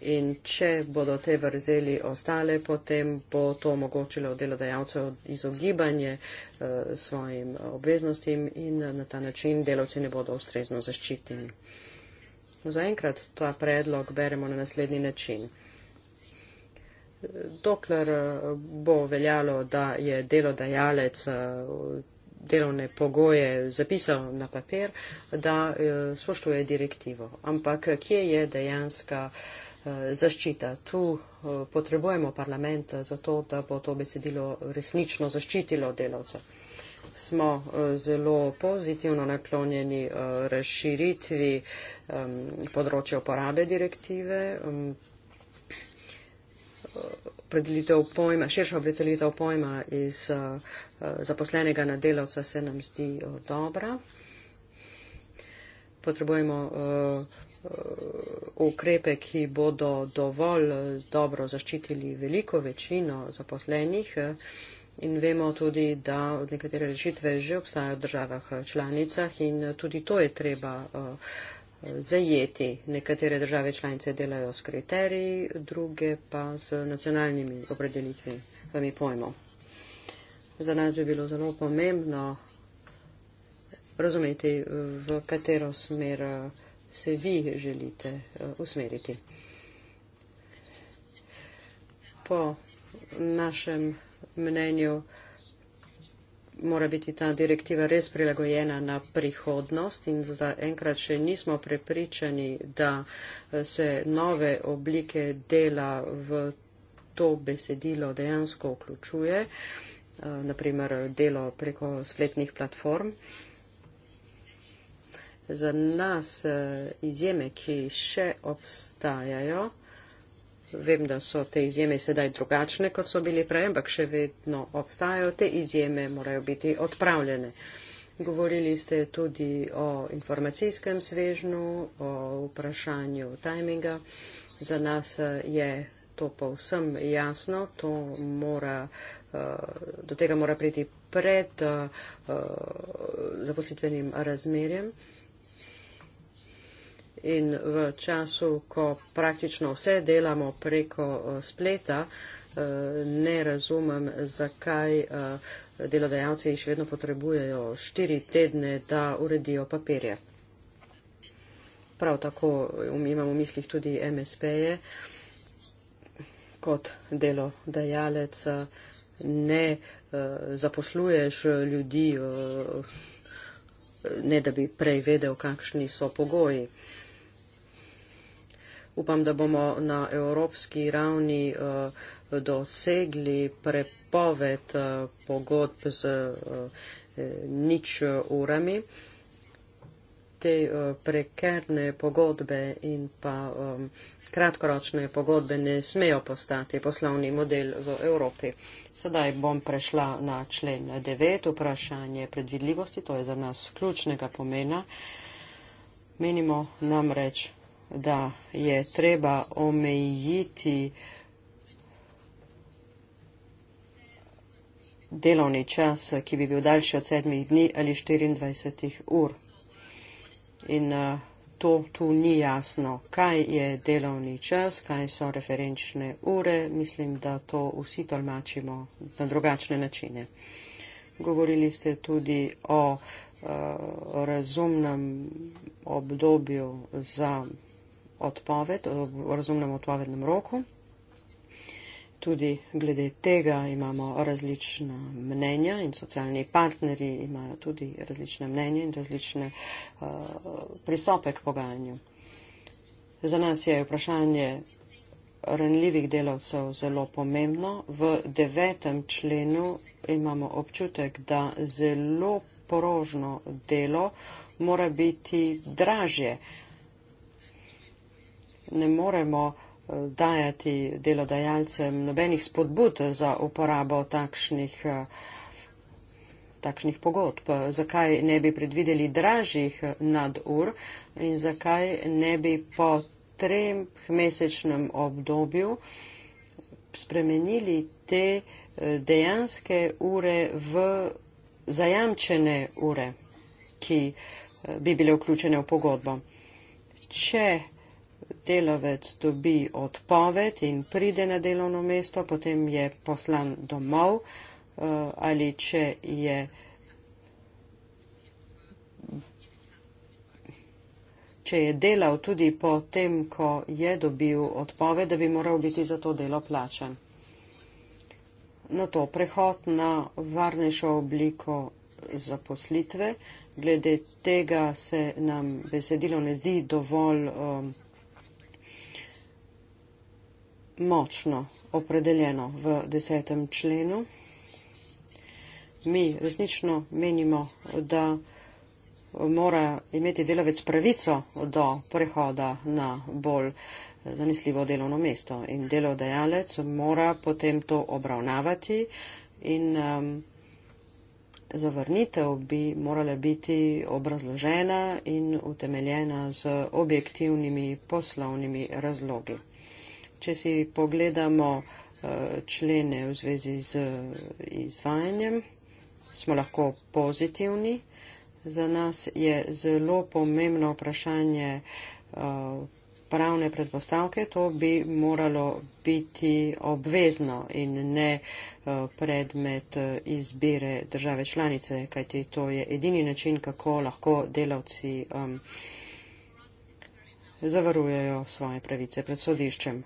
In če bodo te vrzeli ostale, potem bo to omogočilo delodajalcev izogibanje eh, svojim obveznostim in na ta način delavci ne bodo ustrezno zaščiteni. Zaenkrat ta predlog beremo na naslednji način dokler eh, bo veljalo, da je delodajalec eh, delovne pogoje zapisal na papir, da eh, spoštuje direktivo. Ampak kje je dejanska zaščita? Tu potrebujemo parlament za to, da bo to besedilo resnično zaščitilo delavca. Smo zelo pozitivno naklonjeni razširitvi področja uporabe direktive predelitev pojma, širša predelitev pojma iz eh, zaposlenega na delavca se nam zdi eh, dobra. Potrebujemo eh, ukrepe, ki bodo dovolj dobro zaščitili veliko večino zaposlenih in vemo tudi, da nekatere rešitve že obstajajo v državah članicah in tudi to je treba. Uh, zajeti. Nekatere države članice delajo s kriteriji, druge pa z nacionalnimi opredelitvami pojmov. Za nas bi bilo zelo pomembno razumeti, v katero smer eh, se vi želite eh, usmeriti. Po našem mnenju, mora biti ta direktiva res prilagojena na prihodnost in za enkrat še nismo prepričani, da eh, se nove oblike dela v to besedilo dejansko vključuje, eh, naprimer delo preko spletnih platform. Za nas eh, izjeme, ki še obstajajo, vem, da so te izjeme sedaj drugačne, kot so bile prej, ampak še vedno obstajajo. Te izjeme morajo biti odpravljene. Govorili ste tudi o informacijskem svežnu, o vprašanju tajminga. Za nas eh, je to povsem jasno, to mora, eh, do tega mora priti pred eh, zaposlitvenim razmerjem in v času, ko praktično vse delamo preko eh, spleta, eh, ne razumem, zakaj eh, delodajalci še vedno potrebujejo štiri tedne, da uredijo papirje. Prav tako imam v mislih tudi MSP-je. Kot delodajalec ne zaposluješ ljudi, ne da bi prej vedel, kakšni so pogoji upam, da bomo na evropski ravni eh, dosegli prepoved eh, pogodb z eh, nič urami. Te prekerne pogodbe in pa kratkoročne pogodbe ne smejo postati poslovni model v Evropi. Sedaj bom prešla na člen 9, vprašanje predvidljivosti, to je za nas ključnega pomena. Menimo namreč, da je treba omejiti delovni čas, ki bi bil daljši od sedmih dni ali 24 ur. In eh, to tu ni jasno, kaj je delovni čas, kaj so referenčne ure. Mislim, da to vsi tolmačimo na drugačne načine. Govorili ste tudi o, o eh, razumnem obdobju za odpoved, v razumnem odpovednem roku. Tudi glede tega imamo različna mnenja in socialni partneri imajo tudi različne mnenje in različne uh, pristope k pogajanju. Za nas je vprašanje ranljivih delavcev zelo pomembno. V devetem členu imamo občutek, da zelo porožno delo mora biti dražje. Uh, ne moremo eh, dajati delodajalcem nobenih spodbud za uporabo takšnih, eh, takšnih pogodb. Zakaj ne bi predvideli dražjih eh, nadur in zakaj ne bi po treh mesečnem obdobju spremenili te dejanske ure v zajamčene ure, ki bi bile vključene v pogodbo. Če delavec dobi odpoved in pride na delovno mesto, potem je poslan domov eh, ali če je če je delal tudi po tem, ko je dobil odpoved, da bi moral biti za to delo plačan. Na to prehod na varnejšo obliko zaposlitve, glede tega se nam besedilo ne zdi dovolj um, močno opredeljeno v desetem členu. Mi resnično menimo, da mora imeti delavec pravico do prehoda na bolj eh, zanesljivo delovno mesto in delodajalec mora potem to obravnavati in um, zavrnitev bi morala biti obrazložena in utemeljena z objektivnimi poslovnimi razlogi če si pogledamo eh, člene v zvezi z eh, izvajanjem, smo lahko pozitivni. Za nas je zelo pomembno vprašanje eh, pravne predpostavke, to bi moralo biti obvezno in ne predmet izbire države članice, kajti to je edini način, kako lahko delavci zavarujejo svoje pravice pred sodiščem.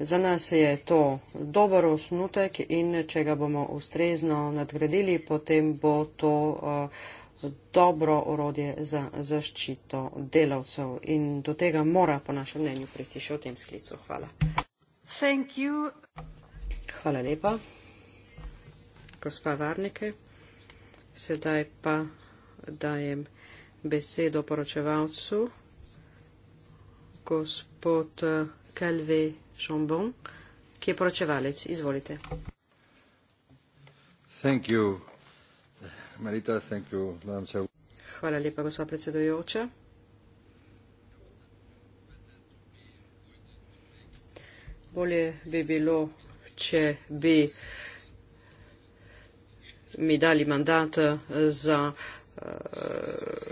Za nas je to dober osnutek in če ga bomo ustrezno nadgradili, potem bo to eh, dobro orodje za zaščito delavcev in do tega mora po našem mnenju priti še v tem sklicu. Hvala. Hvala lepa, gospa Varnike. Sedaj pa dajem besedo poročevalcu, gospod Kelvi. Eh, Šombon, ki je poročevalec. Izvolite. Thank you, Marita, thank you, Hvala lepa, gospa predsedujoča. Bolje bi bilo, če bi mi dali mandat eh, za uh,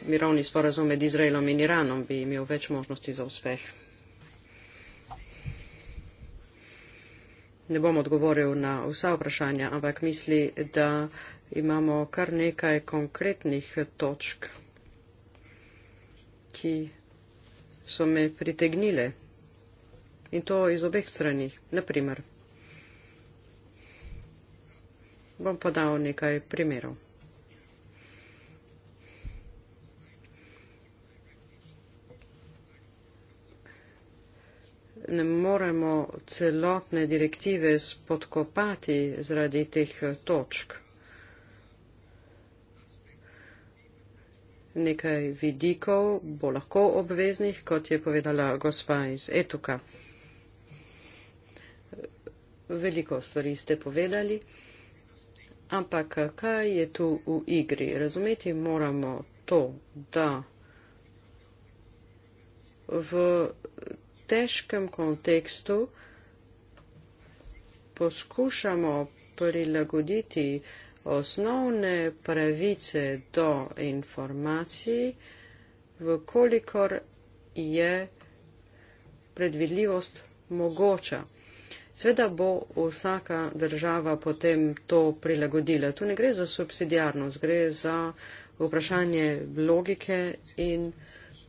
mirovni sporazum med Izraelom in Iranom, bi imel več možnosti za uspeh. ne bom odgovoril na vsa vprašanja, ampak misli, da imamo kar nekaj konkretnih točk, ki so me pritegnile. In to iz obeh strani. Naprimer, bom podal nekaj primerov. ne moremo celotne direktive spodkopati zaradi teh eh, točk. Nekaj vidikov bo lahko obveznih, kot je povedala gospa iz Etuka. Veliko stvari ste povedali, ampak eh, kaj je tu v igri? Razumeti moramo to, da v težkem kontekstu poskušamo prilagoditi osnovne pravice do informacij, vkolikor je predvidljivost mogoča. Sveda bo vsaka država potem to prilagodila. Tu ne gre za subsidijarnost, gre za vprašanje logike in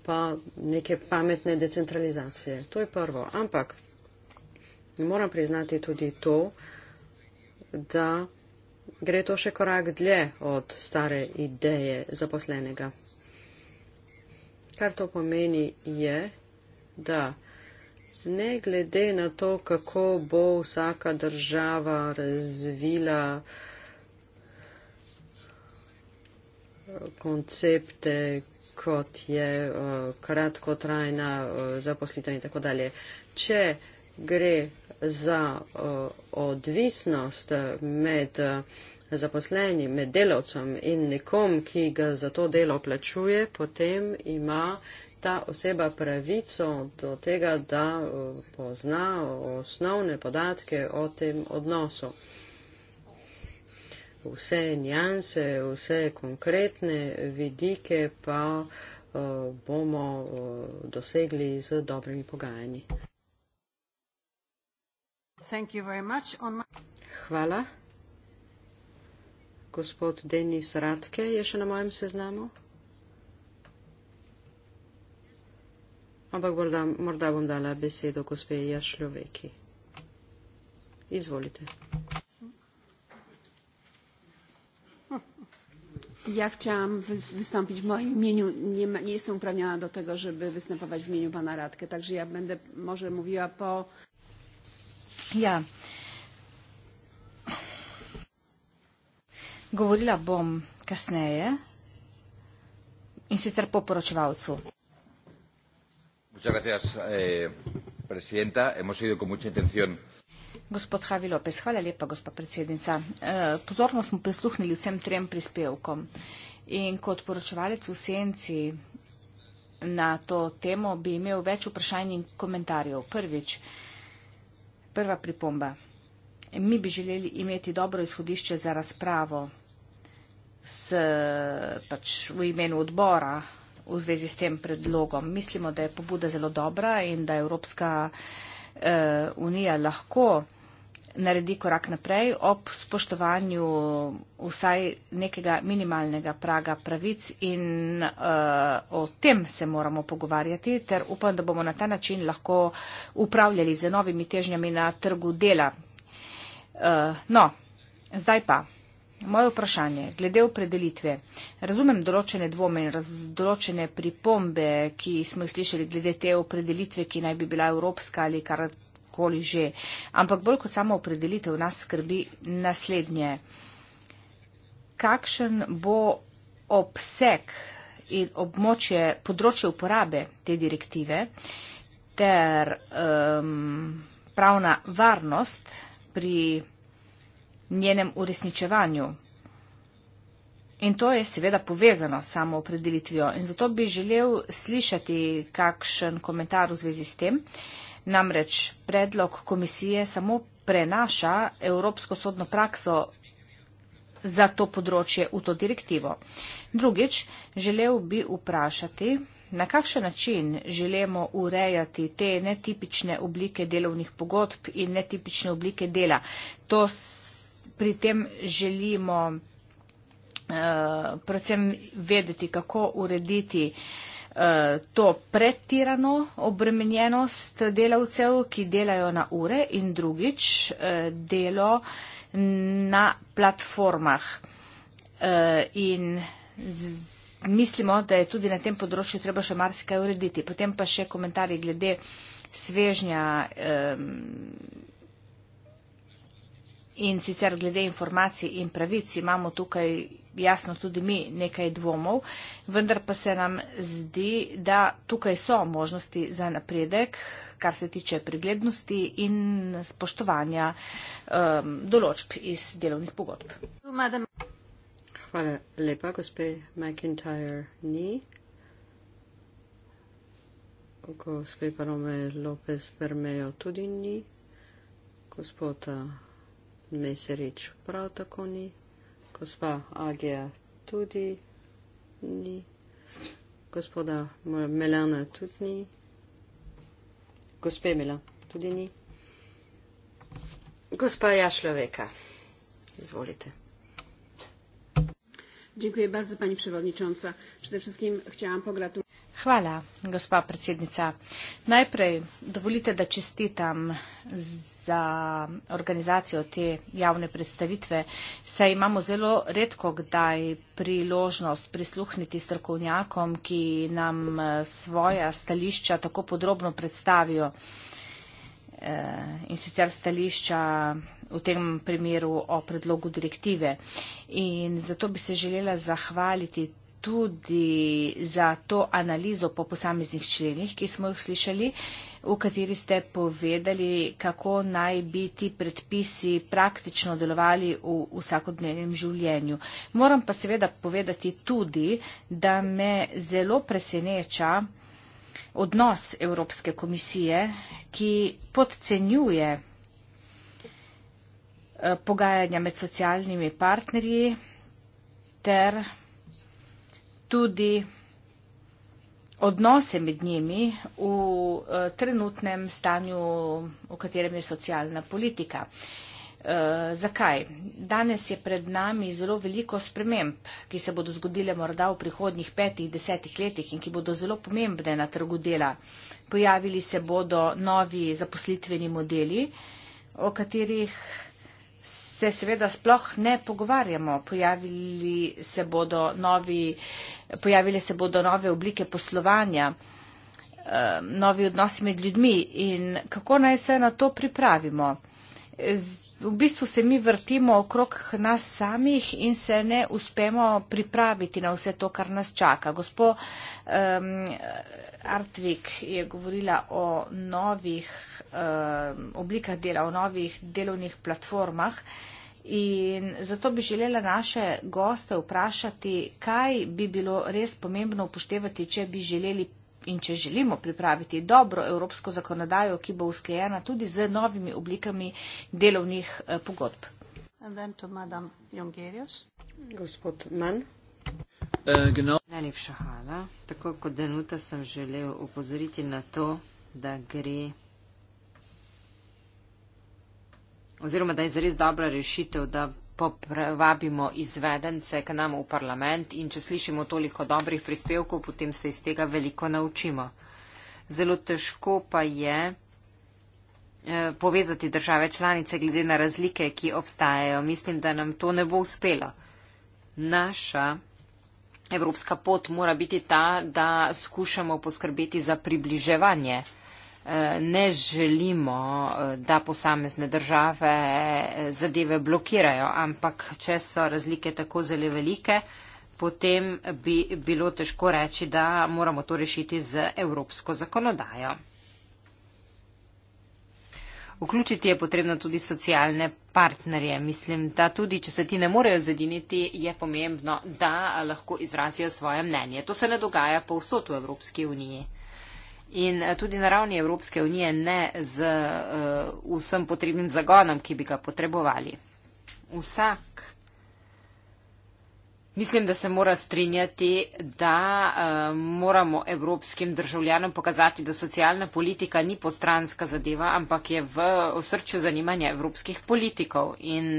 pa neke pametne decentralizacije. To je prvo. Ampak moram priznati tudi to, da gre to še korak dlje od stare ideje zaposlenega. Kar to pomeni je, da ne glede na to, kako bo vsaka država razvila eh, koncepte, kot je eh, kratkotrajna eh, zaposlitev in tako dalje. Če gre za eh, odvisnost med zaposlenim, med delavcem in nekom, ki ga za to delo plačuje, potem ima ta oseba pravico do tega, da pozna osnovne podatke o tem odnosu vse njanse, vse konkretne vidike pa eh, bomo eh, dosegli z dobrimi pogajanji. Hvala. Gospod Denis Radke je še na mojem seznamu. Ampak morda, morda bom dala besedo gospe Jašloveki. Izvolite. Ja chciałam wy wystąpić w moim imieniu. Nie, nie jestem uprawniona do tego, żeby występować w imieniu pana Radkę, także ja będę może mówiła po... Ja. Mówiła bom kasneje i sister po poroczywałcu. Muchas gracias, eh, presidenta. Hemos ido con mucha intención... Gospod Havi Lopes, hvala lepa, gospa predsednica. E, pozorno smo prisluhnili vsem trem prispevkom in kot poročevalec v senci na to temo bi imel več vprašanj in komentarjev. Prvič, prva pripomba. Mi bi želeli imeti dobro izhodišče za razpravo s, pač, v imenu odbora v zvezi s tem predlogom. Mislimo, da je pobuda zelo dobra in da je Evropska unija Eh, unija lahko naredi korak naprej ob spoštovanju vsaj nekega minimalnega praga pravic in uh, o tem se moramo pogovarjati, ter upam, da bomo na ta način lahko upravljali z novimi težnjami na trgu dela. Uh, no, zdaj pa. Moje vprašanje glede opredelitve. Razumem določene dvome in določene pripombe, ki smo jih slišali glede te opredelitve, ki naj bi bila evropska ali karkoli že. Ampak bolj kot samo opredelitev nas skrbi naslednje. Kakšen bo obseg in območje, področje uporabe te direktive ter um, pravna varnost pri njenem uresničevanju. In to je seveda povezano s samo opredelitvijo. In zato bi želel slišati kakšen komentar v zvezi s tem. Namreč predlog komisije samo prenaša evropsko sodno prakso za to področje v to direktivo. Drugič, želel bi vprašati, na kakšen način želimo urejati te netipične oblike delovnih pogodb in netipične oblike dela. To pri tem želimo eh, predvsem vedeti, kako urediti eh, to pretirano obremenjenost delavcev, ki delajo na ure in drugič eh, delo na platformah. In mislimo, da je tudi na tem področju treba še marsikaj urediti. Potem pa še komentarji glede svežnja In sicer glede informacij in pravic imamo tukaj jasno tudi mi nekaj dvomov, vendar pa se nam zdi, da tukaj so možnosti za napredek, kar se tiče preglednosti in spoštovanja um, določb iz delovnih pogodb. Hvala lepa, gospe McIntyre. Ni. Gospe Parome Lopez Bermejo tudi ni. Gospod Meserič prav tako ni, gospa Agija tudi ni, gospoda Melana tudi ni, gospe Mila tudi ni. Gospa Jašloveka, izvolite. Dziękuję bardzo, pani przewodnicząca. Przede wszystkim chciałam pogratulować. Chwala, gospa przewodnicząca. Najpierw dowolite, da czystitam z za organizacijo te javne predstavitve, saj imamo zelo redko kdaj priložnost prisluhniti strokovnjakom, ki nam eh, svoja stališča tako podrobno predstavijo eh, in sicer stališča v tem primeru o predlogu direktive. In zato bi se želela zahvaliti tudi za to analizo po posameznih členih, ki smo jih slišali, v kateri ste povedali, kako naj bi ti predpisi praktično delovali v vsakodnevnem življenju. Moram pa seveda povedati tudi, da me zelo preseneča odnos Evropske komisije, ki podcenjuje eh, pogajanja med socialnimi partnerji ter tudi odnose med njimi v eh, trenutnem stanju, v katerem je socialna politika. Eh, zakaj? Danes je pred nami zelo veliko sprememb, ki se bodo zgodile morda v prihodnjih petih, desetih letih in ki bodo zelo pomembne na trgu dela. Pojavili se bodo novi zaposlitveni modeli, o katerih se seveda sploh ne pogovarjamo. Pojavili se bodo, novi, pojavili se bodo nove oblike poslovanja, eh, novi odnosi med ljudmi in kako naj se na to pripravimo. V bistvu se mi vrtimo okrog nas samih in se ne uspemo pripraviti na vse to, kar nas čaka. Gospod um, Artvik je govorila o novih um, oblikah dela, o novih delovnih platformah in zato bi želela naše goste vprašati, kaj bi bilo res pomembno upoštevati, če bi želeli in če želimo pripraviti dobro evropsko zakonodajo, ki bo usklejena tudi z novimi oblikami delovnih eh, pogodb. Gospod Mann. Uh, genau. Najlepša hvala. Tako kot Danuta sem želel upozoriti na to, da gre. Oziroma, da je zares dobra rešitev, da povabimo izvedence k nam v parlament in če slišimo toliko dobrih prispevkov, potem se iz tega veliko naučimo. Zelo težko pa je eh, povezati države članice glede na razlike, ki obstajajo. Mislim, da nam to ne bo uspelo. Naša evropska pot mora biti ta, da skušamo poskrbeti za približevanje ne želimo, eh, da posamezne države eh, zadeve blokirajo, ampak če so razlike tako zelo velike, potem bi bilo težko reči, da moramo to rešiti z evropsko zakonodajo. Vključiti je potrebno tudi socialne partnerje. Mislim, da tudi, če se ti ne morejo zediniti, je pomembno, da lahko izrazijo svoje mnenje. To se ne dogaja povsod v Evropski uniji. In eh, tudi na ravni Evropske unije ne z eh, vsem potrebnim zagonom, ki bi ga potrebovali. Vsak. Mislim, da se mora strinjati, da uh, moramo evropskim državljanom pokazati, da socialna politika ni postranska zadeva, ampak je v osrčju zanimanja evropskih politikov. In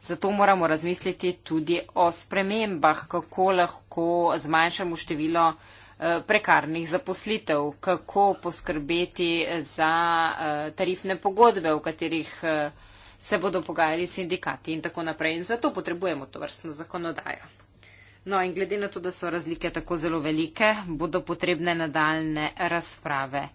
zato moramo razmisliti tudi o spremembah, kako lahko zmanjšamo število uh, Eh, prekarnih zaposlitev, kako poskrbeti za eh, tarifne pogodbe, v katerih eh, se bodo pogajali sindikati in tako naprej. In zato potrebujemo to vrstno zakonodajo. No in glede na to, da so razlike tako zelo velike, bodo potrebne nadaljne razprave.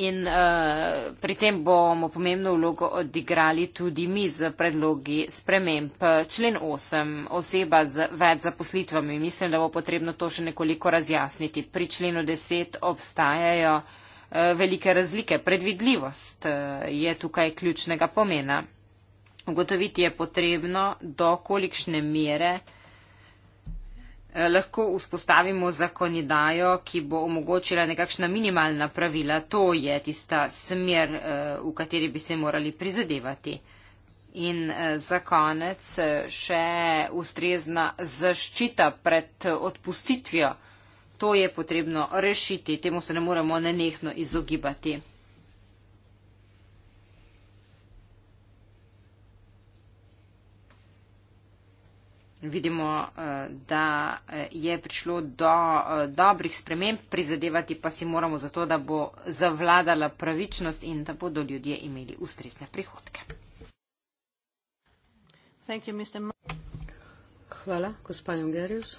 In uh, pri tem bomo pomembno vlogo odigrali tudi mi z predlogi sprememb. Člen 8. Oseba z več zaposlitvami. Mislim, da bo potrebno to še nekoliko razjasniti. Pri členu 10 obstajajo uh, velike razlike. Predvidljivost uh, je tukaj ključnega pomena. Ugotoviti je potrebno, do kolikšne mere. Uh, Eh, lahko vzpostavimo zakonidajo, ki bo omogočila nekakšna minimalna pravila. To je tista smer, eh, v kateri bi se morali prizadevati. In eh, za konec še ustrezna zaščita pred odpustitvijo. To je potrebno rešiti, temu se ne moremo nenehno izogibati. vidimo, eh, da eh, je prišlo do eh, dobrih sprememb, prizadevati pa si moramo za to, da bo zavladala pravičnost in da bodo ljudje imeli ustrezne prihodke. You, hvala, gospa Jongerius.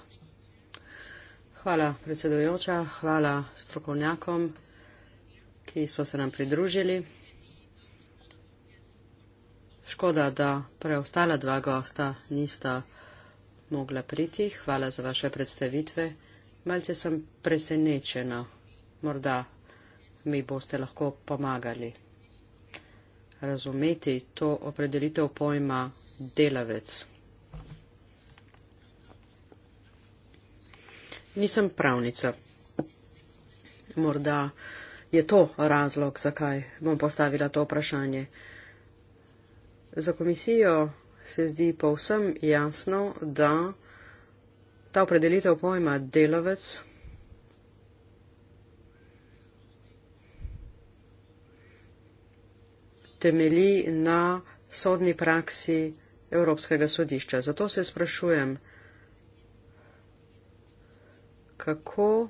Hvala, predsedujoča. Hvala strokovnjakom, ki so se nam pridružili. Škoda, da preostala dva gosta nista mogla priti, hvala za vaše predstavitve. Malce sem presenečena, morda mi boste lahko pomagali razumeti to opredelitev pojma delavec. Nisem pravnica. Morda je to razlog, zakaj bom postavila to vprašanje. Za komisijo se zdi povsem jasno, da ta opredelitev pojma delovec temelji na sodni praksi Evropskega sodišča. Zato se sprašujem, kako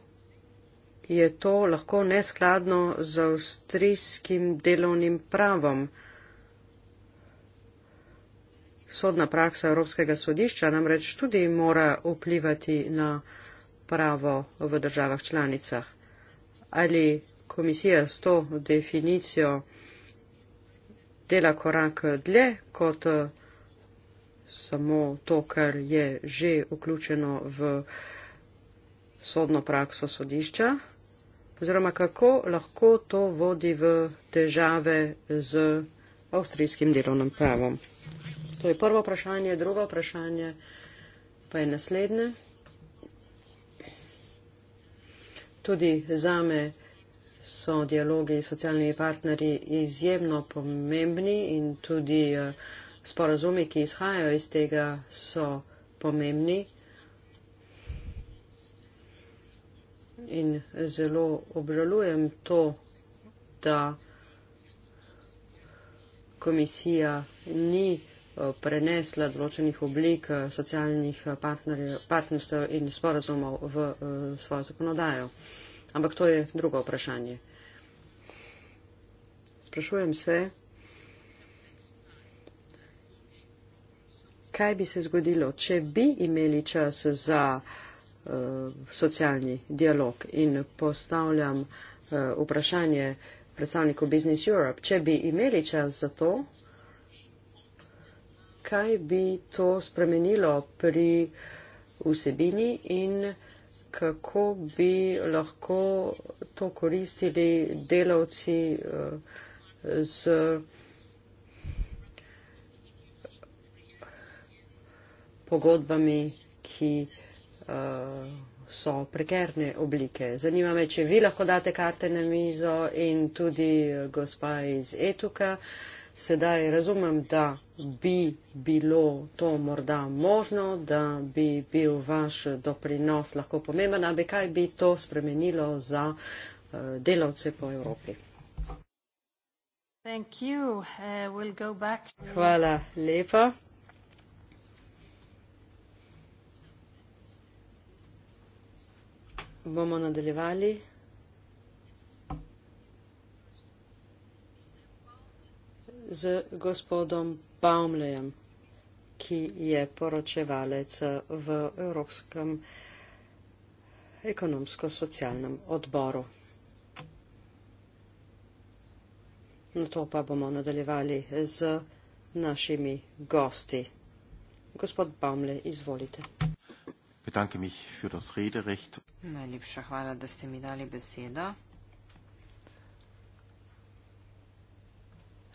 je to lahko neskladno z avstrijskim delovnim pravom sodna praksa Evropskega sodišča namreč tudi mora vplivati na pravo v državah članicah. Ali komisija s to definicijo dela korak dlje kot eh, samo to, kar je že vključeno v sodno prakso sodišča, oziroma kako lahko to vodi v težave z avstrijskim delovnim pravom. To je prvo vprašanje. Drugo vprašanje pa je naslednje. Tudi za me so dialogi s socialnimi partnerji izjemno pomembni in tudi eh, sporazumi, ki izhajajo iz tega, so pomembni in zelo obžalujem to, da komisija ni Eh, prenesla določenih oblik eh, socialnih eh, partnerstv in sporazumov v svojo zakonodajo. Ampak to je drugo vprašanje. Sprašujem se, kaj bi se zgodilo, če bi imeli čas za socialni dialog in postavljam vprašanje predstavniku Business Europe, če bi imeli čas za to, kaj bi to spremenilo pri vsebini in kako bi lahko to koristili delavci eh, z pogodbami, ki eh, so prekerne oblike. Zanima me, če vi lahko date karte na mizo in tudi eh, gospa iz Etuka. Sedaj razumem, da bi bilo to morda možno, da bi bil vaš doprinos lahko pomemben, ali kaj bi to spremenilo za eh, delavce po Evropi. Eh, Hvala lepa. Bomo nadaljevali. Z gospodom Baumlejem, ki je poročevalec v Evropskem ekonomsko-socialnem odboru. Na to pa bomo nadaljevali z našimi gosti. Gospod Baumle, izvolite. Najlepša hvala, da ste mi dali besedo.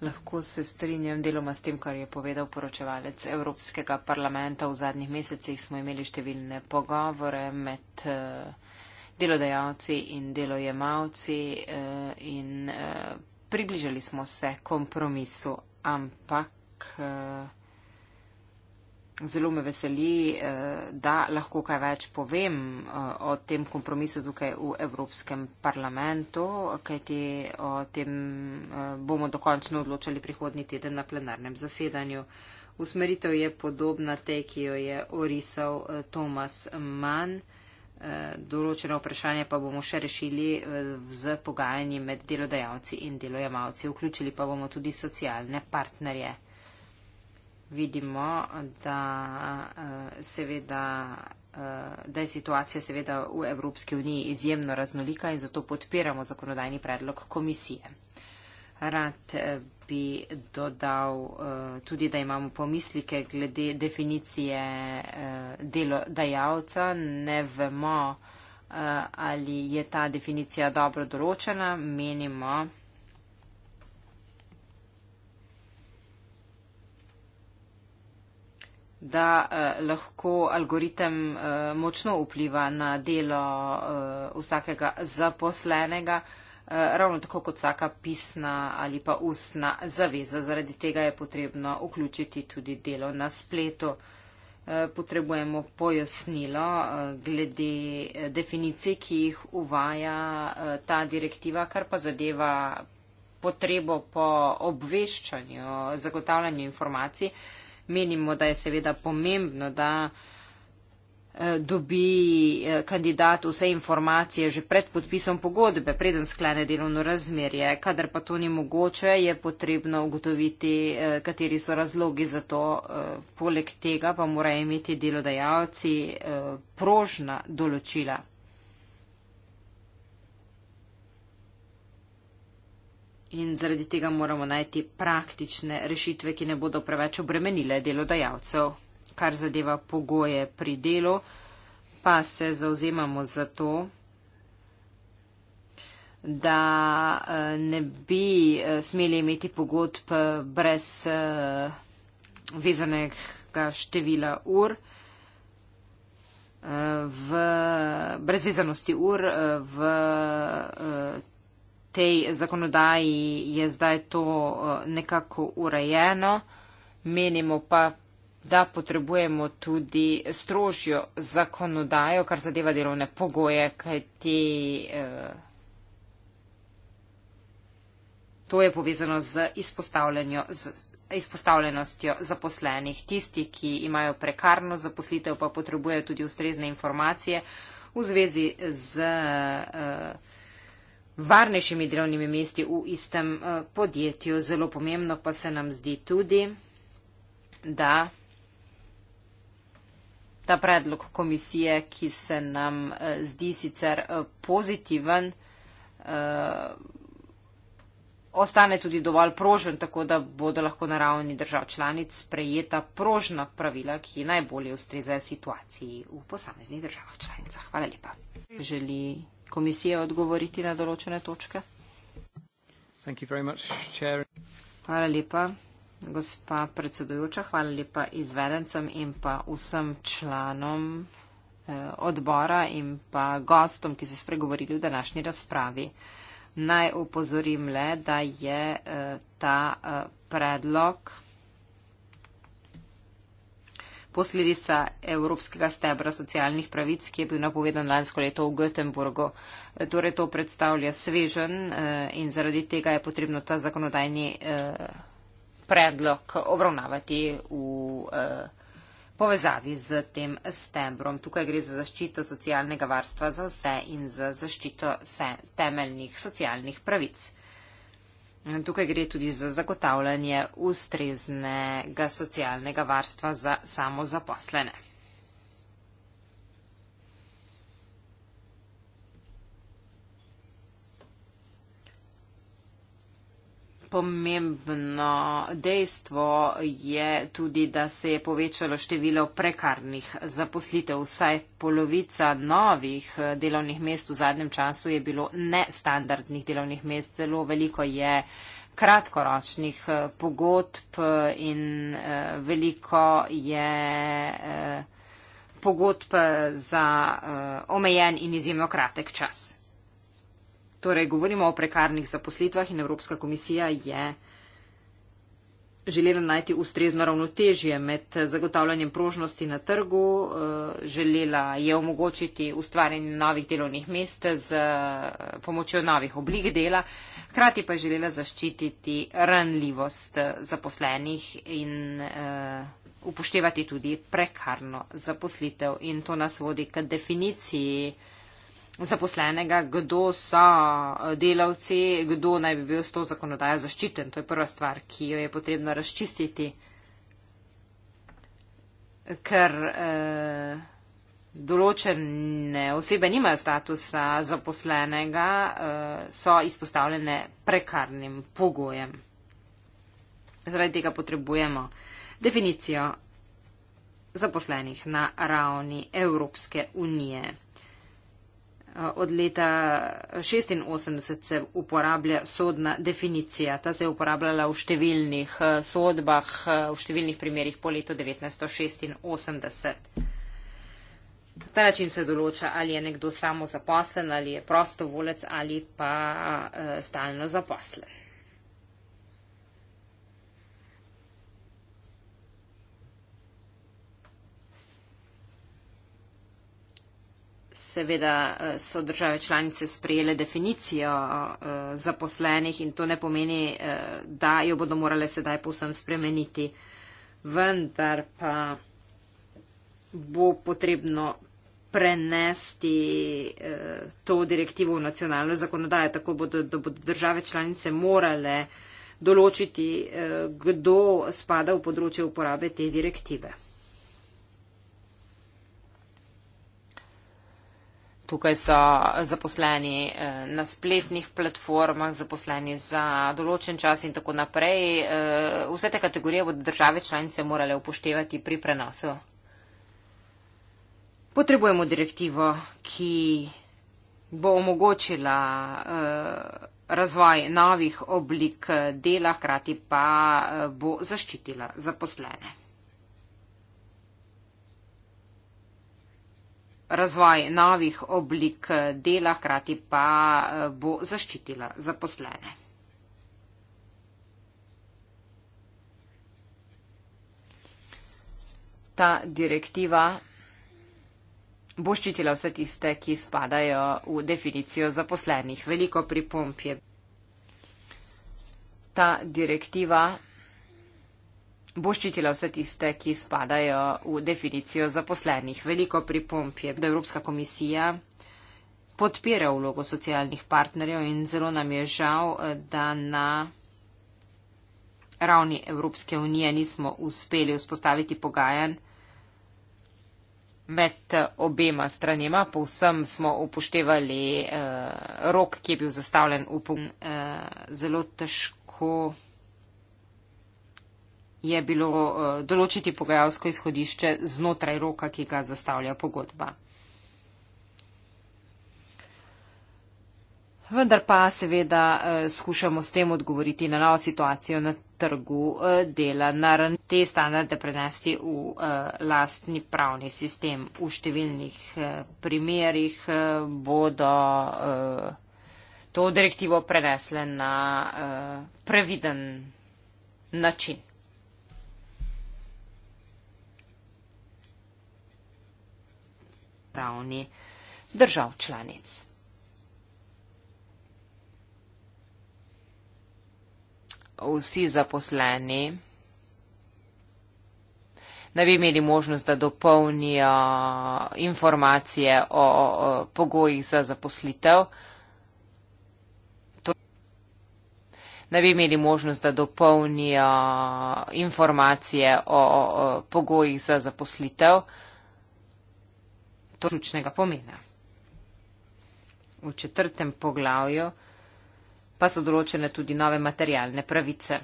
Lahko se strinjam deloma s tem, kar je povedal poročevalec Evropskega parlamenta. V zadnjih mesecih smo imeli številne pogovore med eh, delodajalci in delojemalci eh, in eh, približali smo se kompromisu, ampak zelo me veseli, eh, da lahko kaj več povem eh, o tem kompromisu tukaj v Evropskem parlamentu, kajti o tem eh, bomo dokončno odločali prihodnji teden na plenarnem zasedanju. Usmeritev je podobna tej, ki jo je orisal Thomas Mann. Določene vprašanje pa bomo še rešili z pogajanji med delodajalci in delojemalci. Vključili pa bomo tudi socialne partnerje vidimo, da, eh, seveda, eh, da je situacija seveda v Evropski uniji izjemno raznolika in zato podpiramo zakonodajni predlog komisije. Rad eh, bi dodal tudi, da imamo pomislike glede definicije delodajalca. Ne vemo, ali je ta definicija dobro določena. Menimo, da eh, lahko algoritem eh, močno vpliva na delo eh, vsakega zaposlenega, ravno tako kot vsaka pisna ali pa ustna zaveza. Zaradi tega je potrebno vključiti tudi delo na spletu. Potrebujemo pojasnilo glede definicij, ki jih uvaja ta direktiva, kar pa zadeva potrebo po obveščanju, zagotavljanju informacij menimo, da je seveda pomembno, da eh, dobi eh, kandidat vse informacije že pred podpisom pogodbe, preden sklene delovno razmerje. Kadar pa to ni mogoče, je potrebno ugotoviti, eh, kateri so razlogi za to. Poleg tega pa morajo imeti delodajalci prožna določila In zaradi tega moramo najti praktične rešitve, ki ne bodo preveč obremenile delodajalcev. Kar zadeva pogoje pri delu, pa se zauzemamo za to, da eh, ne bi eh, smeli imeti pogodb eh, brez vezanega števila ur, v, brez vezanosti ur v tej zakonodaji je zdaj to eh, nekako urejeno, menimo pa, da potrebujemo tudi strožjo zakonodajo, kar zadeva delovne pogoje, kaj ti. Eh, to je povezano z izpostavljenostjo zaposlenih. Tisti, ki imajo prekarno zaposlitev, pa potrebujejo tudi ustrezne informacije v zvezi z uh, varnejšimi delovnimi mesti v istem eh, podjetju. Zelo pomembno pa se nam zdi tudi, da ta predlog komisije, ki se nam eh, zdi sicer eh, pozitiven, ostane tudi dovolj prožen, tako da bodo lahko na ravni držav članic sprejeta prožna pravila, ki najbolje ustrezajo situaciji v posameznih državah članicah. Hvala lepa. Želi komisije odgovoriti na določene točke. Much, hvala lepa, gospa predsedujoča, hvala lepa izvedencem in pa vsem članom eh, odbora in pa gostom, ki so spregovorili v današnji razpravi. Naj upozorim le, da je eh, ta eh, predlog posledica Evropskega stebra socialnih pravic, ki je bil napovedan lansko leto v Göteborgu. Torej to predstavlja svežen eh, in zaradi tega je potrebno ta zakonodajni eh, predlog obravnavati v eh, povezavi z tem stebrom. Tukaj gre za zaščito socialnega varstva za vse in za zaščito temeljnih socialnih pravic. Tukaj gre tudi za zagotavljanje ustreznega socialnega varstva za samozaposlene. pomembno dejstvo je tudi, da se je povečalo število prekarnih zaposlitev. Vsaj polovica novih eh, delovnih mest v zadnjem času je bilo nestandardnih delovnih mest. Zelo veliko je kratkoročnih eh, pogodb eh, in veliko je pogodb za omejen in izjemno kratek čas. Torej, govorimo o prekarnih zaposlitvah in Evropska komisija je želela najti ustrezno ravnotežje med zagotavljanjem prožnosti na trgu, eh, želela je omogočiti ustvarjanje novih delovnih mest z eh, pomočjo novih oblik dela, hkrati pa je želela zaščititi ranljivost eh, zaposlenih in upoštevati tudi prekarno zaposlitev. In to nas vodi k definiciji zaposlenega, kdo so eh, delavci, kdo naj bi bil s to zakonodajo zaščiten. To je prva stvar, ki jo je potrebno razčistiti. Ker eh, določene osebe nimajo statusa zaposlenega, eh, so izpostavljene prekarnim pogojem. Zaradi tega potrebujemo definicijo zaposlenih na ravni Evropske unije. Od leta 1986 se uporablja sodna definicija. Ta se je uporabljala v številnih eh, sodbah, eh, v številnih primerjih po letu 1986. Na ta način se določa, ali je nekdo samozaposlen, ali je prostovolec, ali pa eh, stalno zaposlen. seveda eh, so države članice sprejele definicijo eh, zaposlenih in to ne pomeni, eh, da jo bodo morale sedaj povsem spremeniti. Vendar pa bo potrebno prenesti to direktivo v nacionalno zakonodajo, tako bodo, da bodo države članice morale določiti, kdo spada v področje uporabe te direktive. Tukaj so zaposleni eh, na spletnih platformah, zaposleni za določen čas in tako naprej. Eh, vse te kategorije bodo države članice morale upoštevati pri prenosu. Potrebujemo direktivo, ki bo omogočila eh, razvoj novih oblik dela, hkrati pa bo zaščitila zaposlene. razvoj novih oblik dela, hkrati pa eh, bo zaščitila zaposlene. Ta direktiva bo ščitila vse tiste, ki spadajo v definicijo zaposlenih. Veliko pripomp je. Ta direktiva bo ščitila vse tiste, ki spadajo v definicijo zaposlenih. Veliko pripomp je, da Evropska komisija podpira vlogo socialnih partnerjev in zelo nam je žal, da na ravni Evropske unije nismo uspeli vzpostaviti pogajanj med obema stranima. Povsem smo upoštevali eh, rok, ki je bil zastavljen v pogajanj. Eh, zelo težko je bilo eh, določiti pogajalsko izhodišče znotraj roka, ki ga zastavlja pogodba. Vendar pa seveda eh, skušamo s tem odgovoriti na novo situacijo na trgu eh, dela, na te standarde prenesti v lastni pravni sistem. V številnih primerjih bodo to direktivo prenesle na previden način. ravni držav članic. Vsi zaposleni da bi imeli možnost, da dopolnijo informacije o, o, o pogojih za zaposlitev. To, da bi imeli možnost, da dopolnijo informacije o, o, o pogojih za zaposlitev to ključnega pomena. V četrtem poglavju pa so določene tudi nove materialne pravice.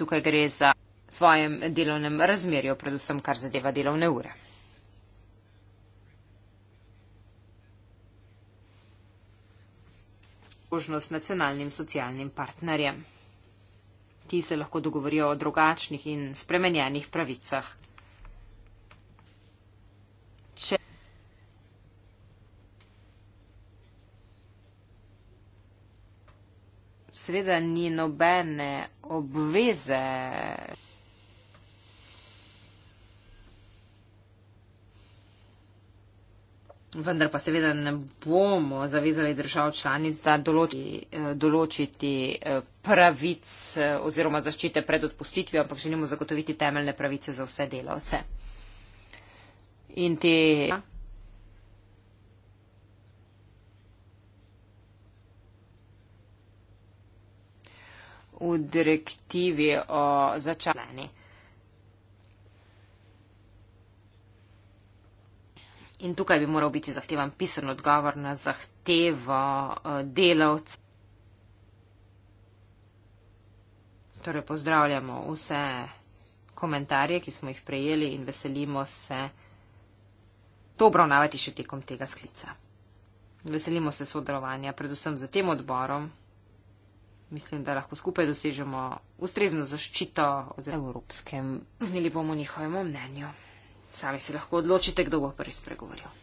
Tukaj gre za svojem delovnem razmerju, predvsem kar zadeva delovne ure. Možnost nacionalnim socialnim partnerjem. Ti se lahko dogovorijo o drugačnih in spremenjenih pravicah, Če... Sveda ni nobene obveze. Vendar pa seveda ne bomo zavezali držav članic, da določi, eh, določiti eh, pravic eh, oziroma zaščite pred odpustitvijo, ampak želimo zagotoviti temeljne pravice za vse delavce in te. V direktivi o začasni. In tukaj bi moral biti zahtevan pisen odgovor na zahtevo eh, delavcev. Torej pozdravljamo vse komentarje, ki smo jih prejeli in veselimo se to obravnavati še tekom tega sklica. Veselimo se sodelovanja, predvsem z tem odborom. Mislim, da lahko skupaj dosežemo ustrezno zaščito oziroma evropskem. Zunili bomo njihovemu mnenju. Sami se lahko odločite, kdo bo prvi spregovoril.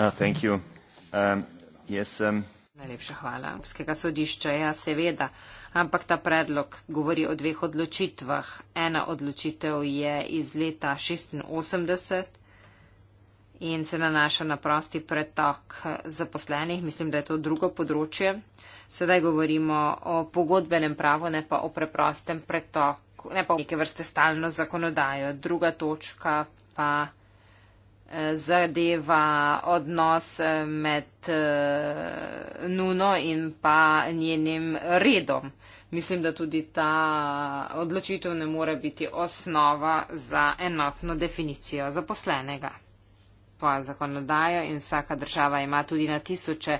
Uh, um, yes, um... Najlepša hvala. Evropskega sodišča, ja seveda. Ampak ta predlog govori o dveh odločitvah. Ena odločitev je iz leta 86 in se nanaša na prosti pretok eh, zaposlenih. Mislim, da je to drugo področje. Sedaj govorimo o pogodbenem pravu, ne pa o preprostem pretoku, ne pa o neke vrste stalno zakonodajo. Druga točka pa eh, zadeva odnos eh, med Nuno in pa njenim redom. Mislim, da tudi ta odločitev ne more biti osnova za enotno definicijo zaposlenega svojo zakonodajo in vsaka država ima tudi na tisoče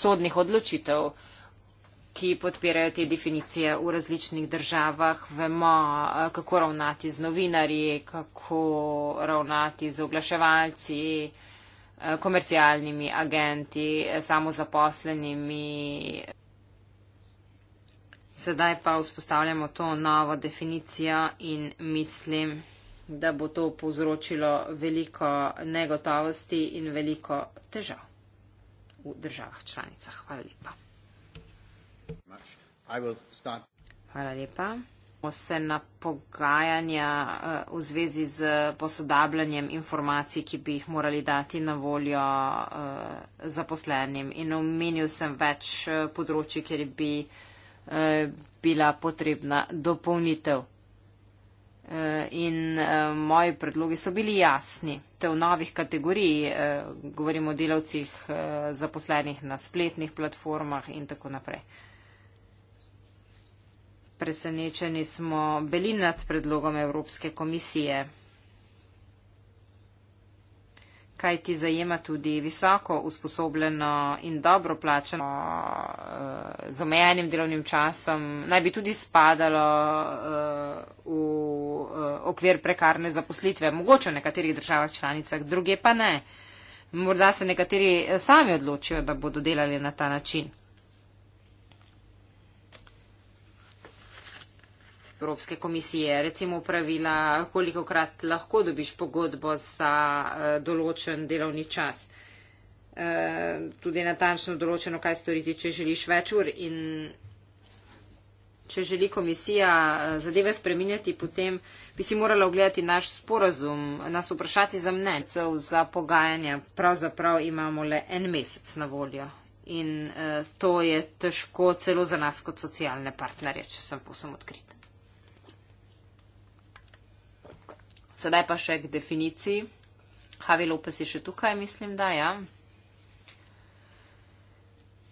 sodnih odločitev, ki podpirajo te definicije v različnih državah. Vemo, kako ravnati z novinarji, kako ravnati z oglaševalci, komercialnimi agenti, samozaposlenimi. Sedaj pa vzpostavljamo to novo definicijo in mislim, da bo to povzročilo veliko negotovosti in veliko težav v državah članicah. Hvala lepa. Hvala lepa. Se na pogajanja eh, v zvezi z posodabljanjem informacij, ki bi jih morali dati na voljo eh, zaposlenim. In omenil sem več eh, področji, kjer bi bila potrebna dopolnitev Eh, in eh, moji predlogi so bili jasni. To je v novih kategorij, eh, govorimo o delavcih zaposlenih na spletnih platformah in tako naprej. Presenečeni smo bili nad predlogom Evropske komisije kaj ti zajema tudi visoko usposobljeno in dobro plačeno eh, z omejenim delovnim časom, naj bi tudi spadalo eh, v eh, okvir prekarne zaposlitve, mogoče v nekaterih državah članicah, druge pa ne. Morda se nekateri sami odločijo, da bodo delali na ta način. Evropske komisije, recimo pravila, koliko krat lahko dobiš pogodbo za eh, določen delovni čas. Eh, tudi natančno določeno, kaj storiti, če želiš več ur in če želi komisija eh, zadeve spreminjati, potem bi si morala ogledati naš sporazum, nas vprašati za mnenje, za pogajanja. Pravzaprav imamo le en mesec na voljo. In e, to je težko celo za nas kot socialne partnerje, če sem posem odkrita. Sedaj pa še k definiciji. Havi Lopes je še tukaj, mislim, da ja.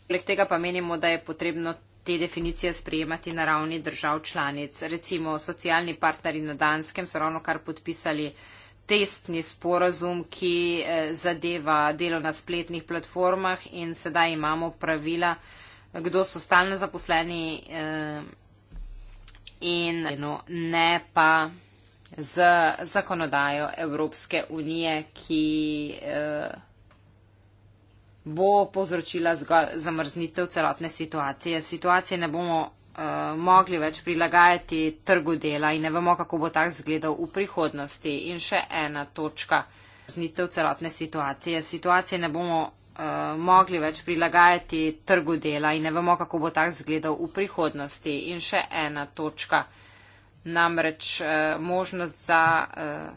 Poleg tega pa menimo, da je potrebno te definicije sprejemati na ravni držav članic. Recimo, socialni partneri na Danskem so ravno kar podpisali testni sporazum, ki eh, zadeva delo na spletnih platformah in sedaj imamo pravila, kdo so stalne zaposleni eh, in no, ne pa z zakonodajo Evropske unije, ki eh, bo povzročila zgolj zamrznitev celotne situacije. Situacije ne bomo eh, mogli več prilagajati trgu dela in ne vemo, kako bo tak zgledal v prihodnosti. In še ena točka. Zamrznitev celotne situacije. Situacije ne bomo eh, mogli več prilagajati trgu dela in ne vemo, kako bo tak zgledal v prihodnosti. In še ena točka namreč eh, možnost za eh,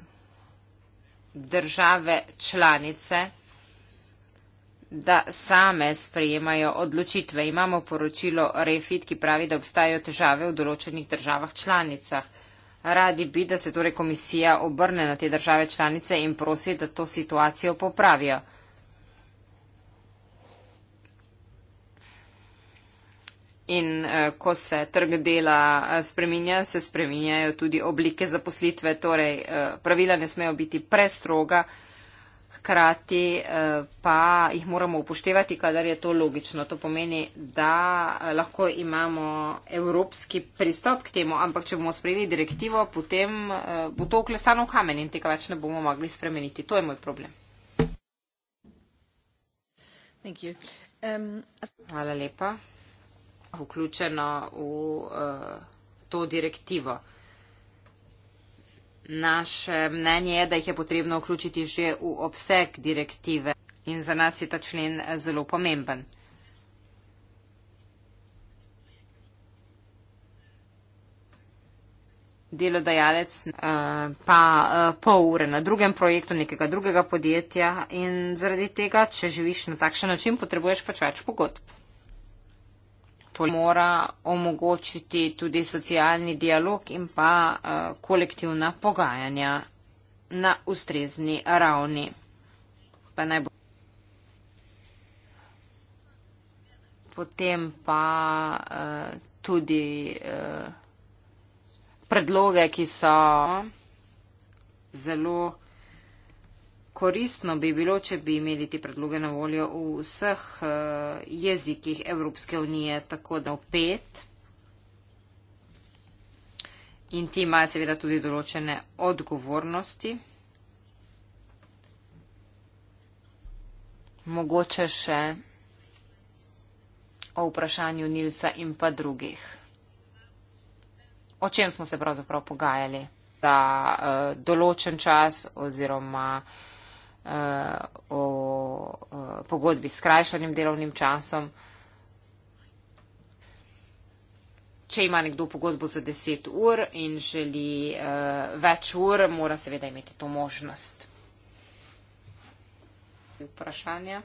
države članice, da same sprejemajo odločitve. Imamo poročilo Refit, ki pravi, da obstajajo težave v določenih državah članicah. Radi bi, da se torej komisija obrne na te države članice in prosi, da to situacijo popravijo. In eh, ko se trg dela eh, spreminja, se spreminjajo tudi oblike zaposlitve, torej eh, pravila ne smejo biti prestroga, hkrati pa jih moramo upoštevati, kadar je to logično. To pomeni, da lahko imamo evropski pristop k temu, ampak če bomo sprejeli direktivo, potem bo to oklesano kamen in tega več ne bomo mogli spremeniti. To je moj problem. Um, Hvala lepa vključeno v uh, to direktivo. Naše mnenje je, da jih je potrebno vključiti že v obseg direktive in za nas je ta člen eh, zelo pomemben. Delodajalec eh, pa pol ure na drugem projektu nekega drugega podjetja in zaradi tega, če živiš na takšen način, potrebuješ pač več pogodb mora omogočiti tudi socialni dialog in pa eh, kolektivna pogajanja na ustrezni ravni. Pa naj bo. Potem pa eh, tudi eh, predloge, ki so zelo koristno bi bilo, če bi imeli ti predloge na voljo v vseh eh, jezikih Evropske unije, tako da v pet. In ti imajo seveda tudi določene odgovornosti. Mogoče še o vprašanju Nilsa in pa drugih. O čem smo se pravzaprav pogajali? Da uh, eh, določen čas oziroma uh, Eh, o eh, pogodbi s skrajšanim delovnim časom. Če ima nekdo pogodbo za 10 ur in želi uh, več ur, mora seveda imeti to možnost. Vprašanja?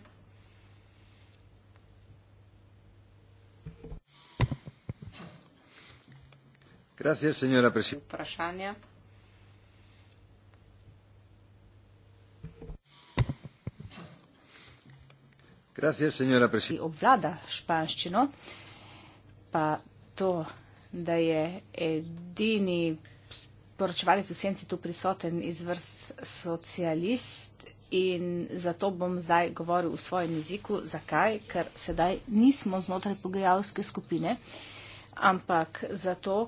Gracias, Vprašanja? ki obvlada španščino, pa to, da je edini poročevalec v senci tu prisoten iz vrst socialist in zato bom zdaj govoril v svojem jeziku, zakaj, ker sedaj nismo znotraj pogajalske skupine, ampak zato,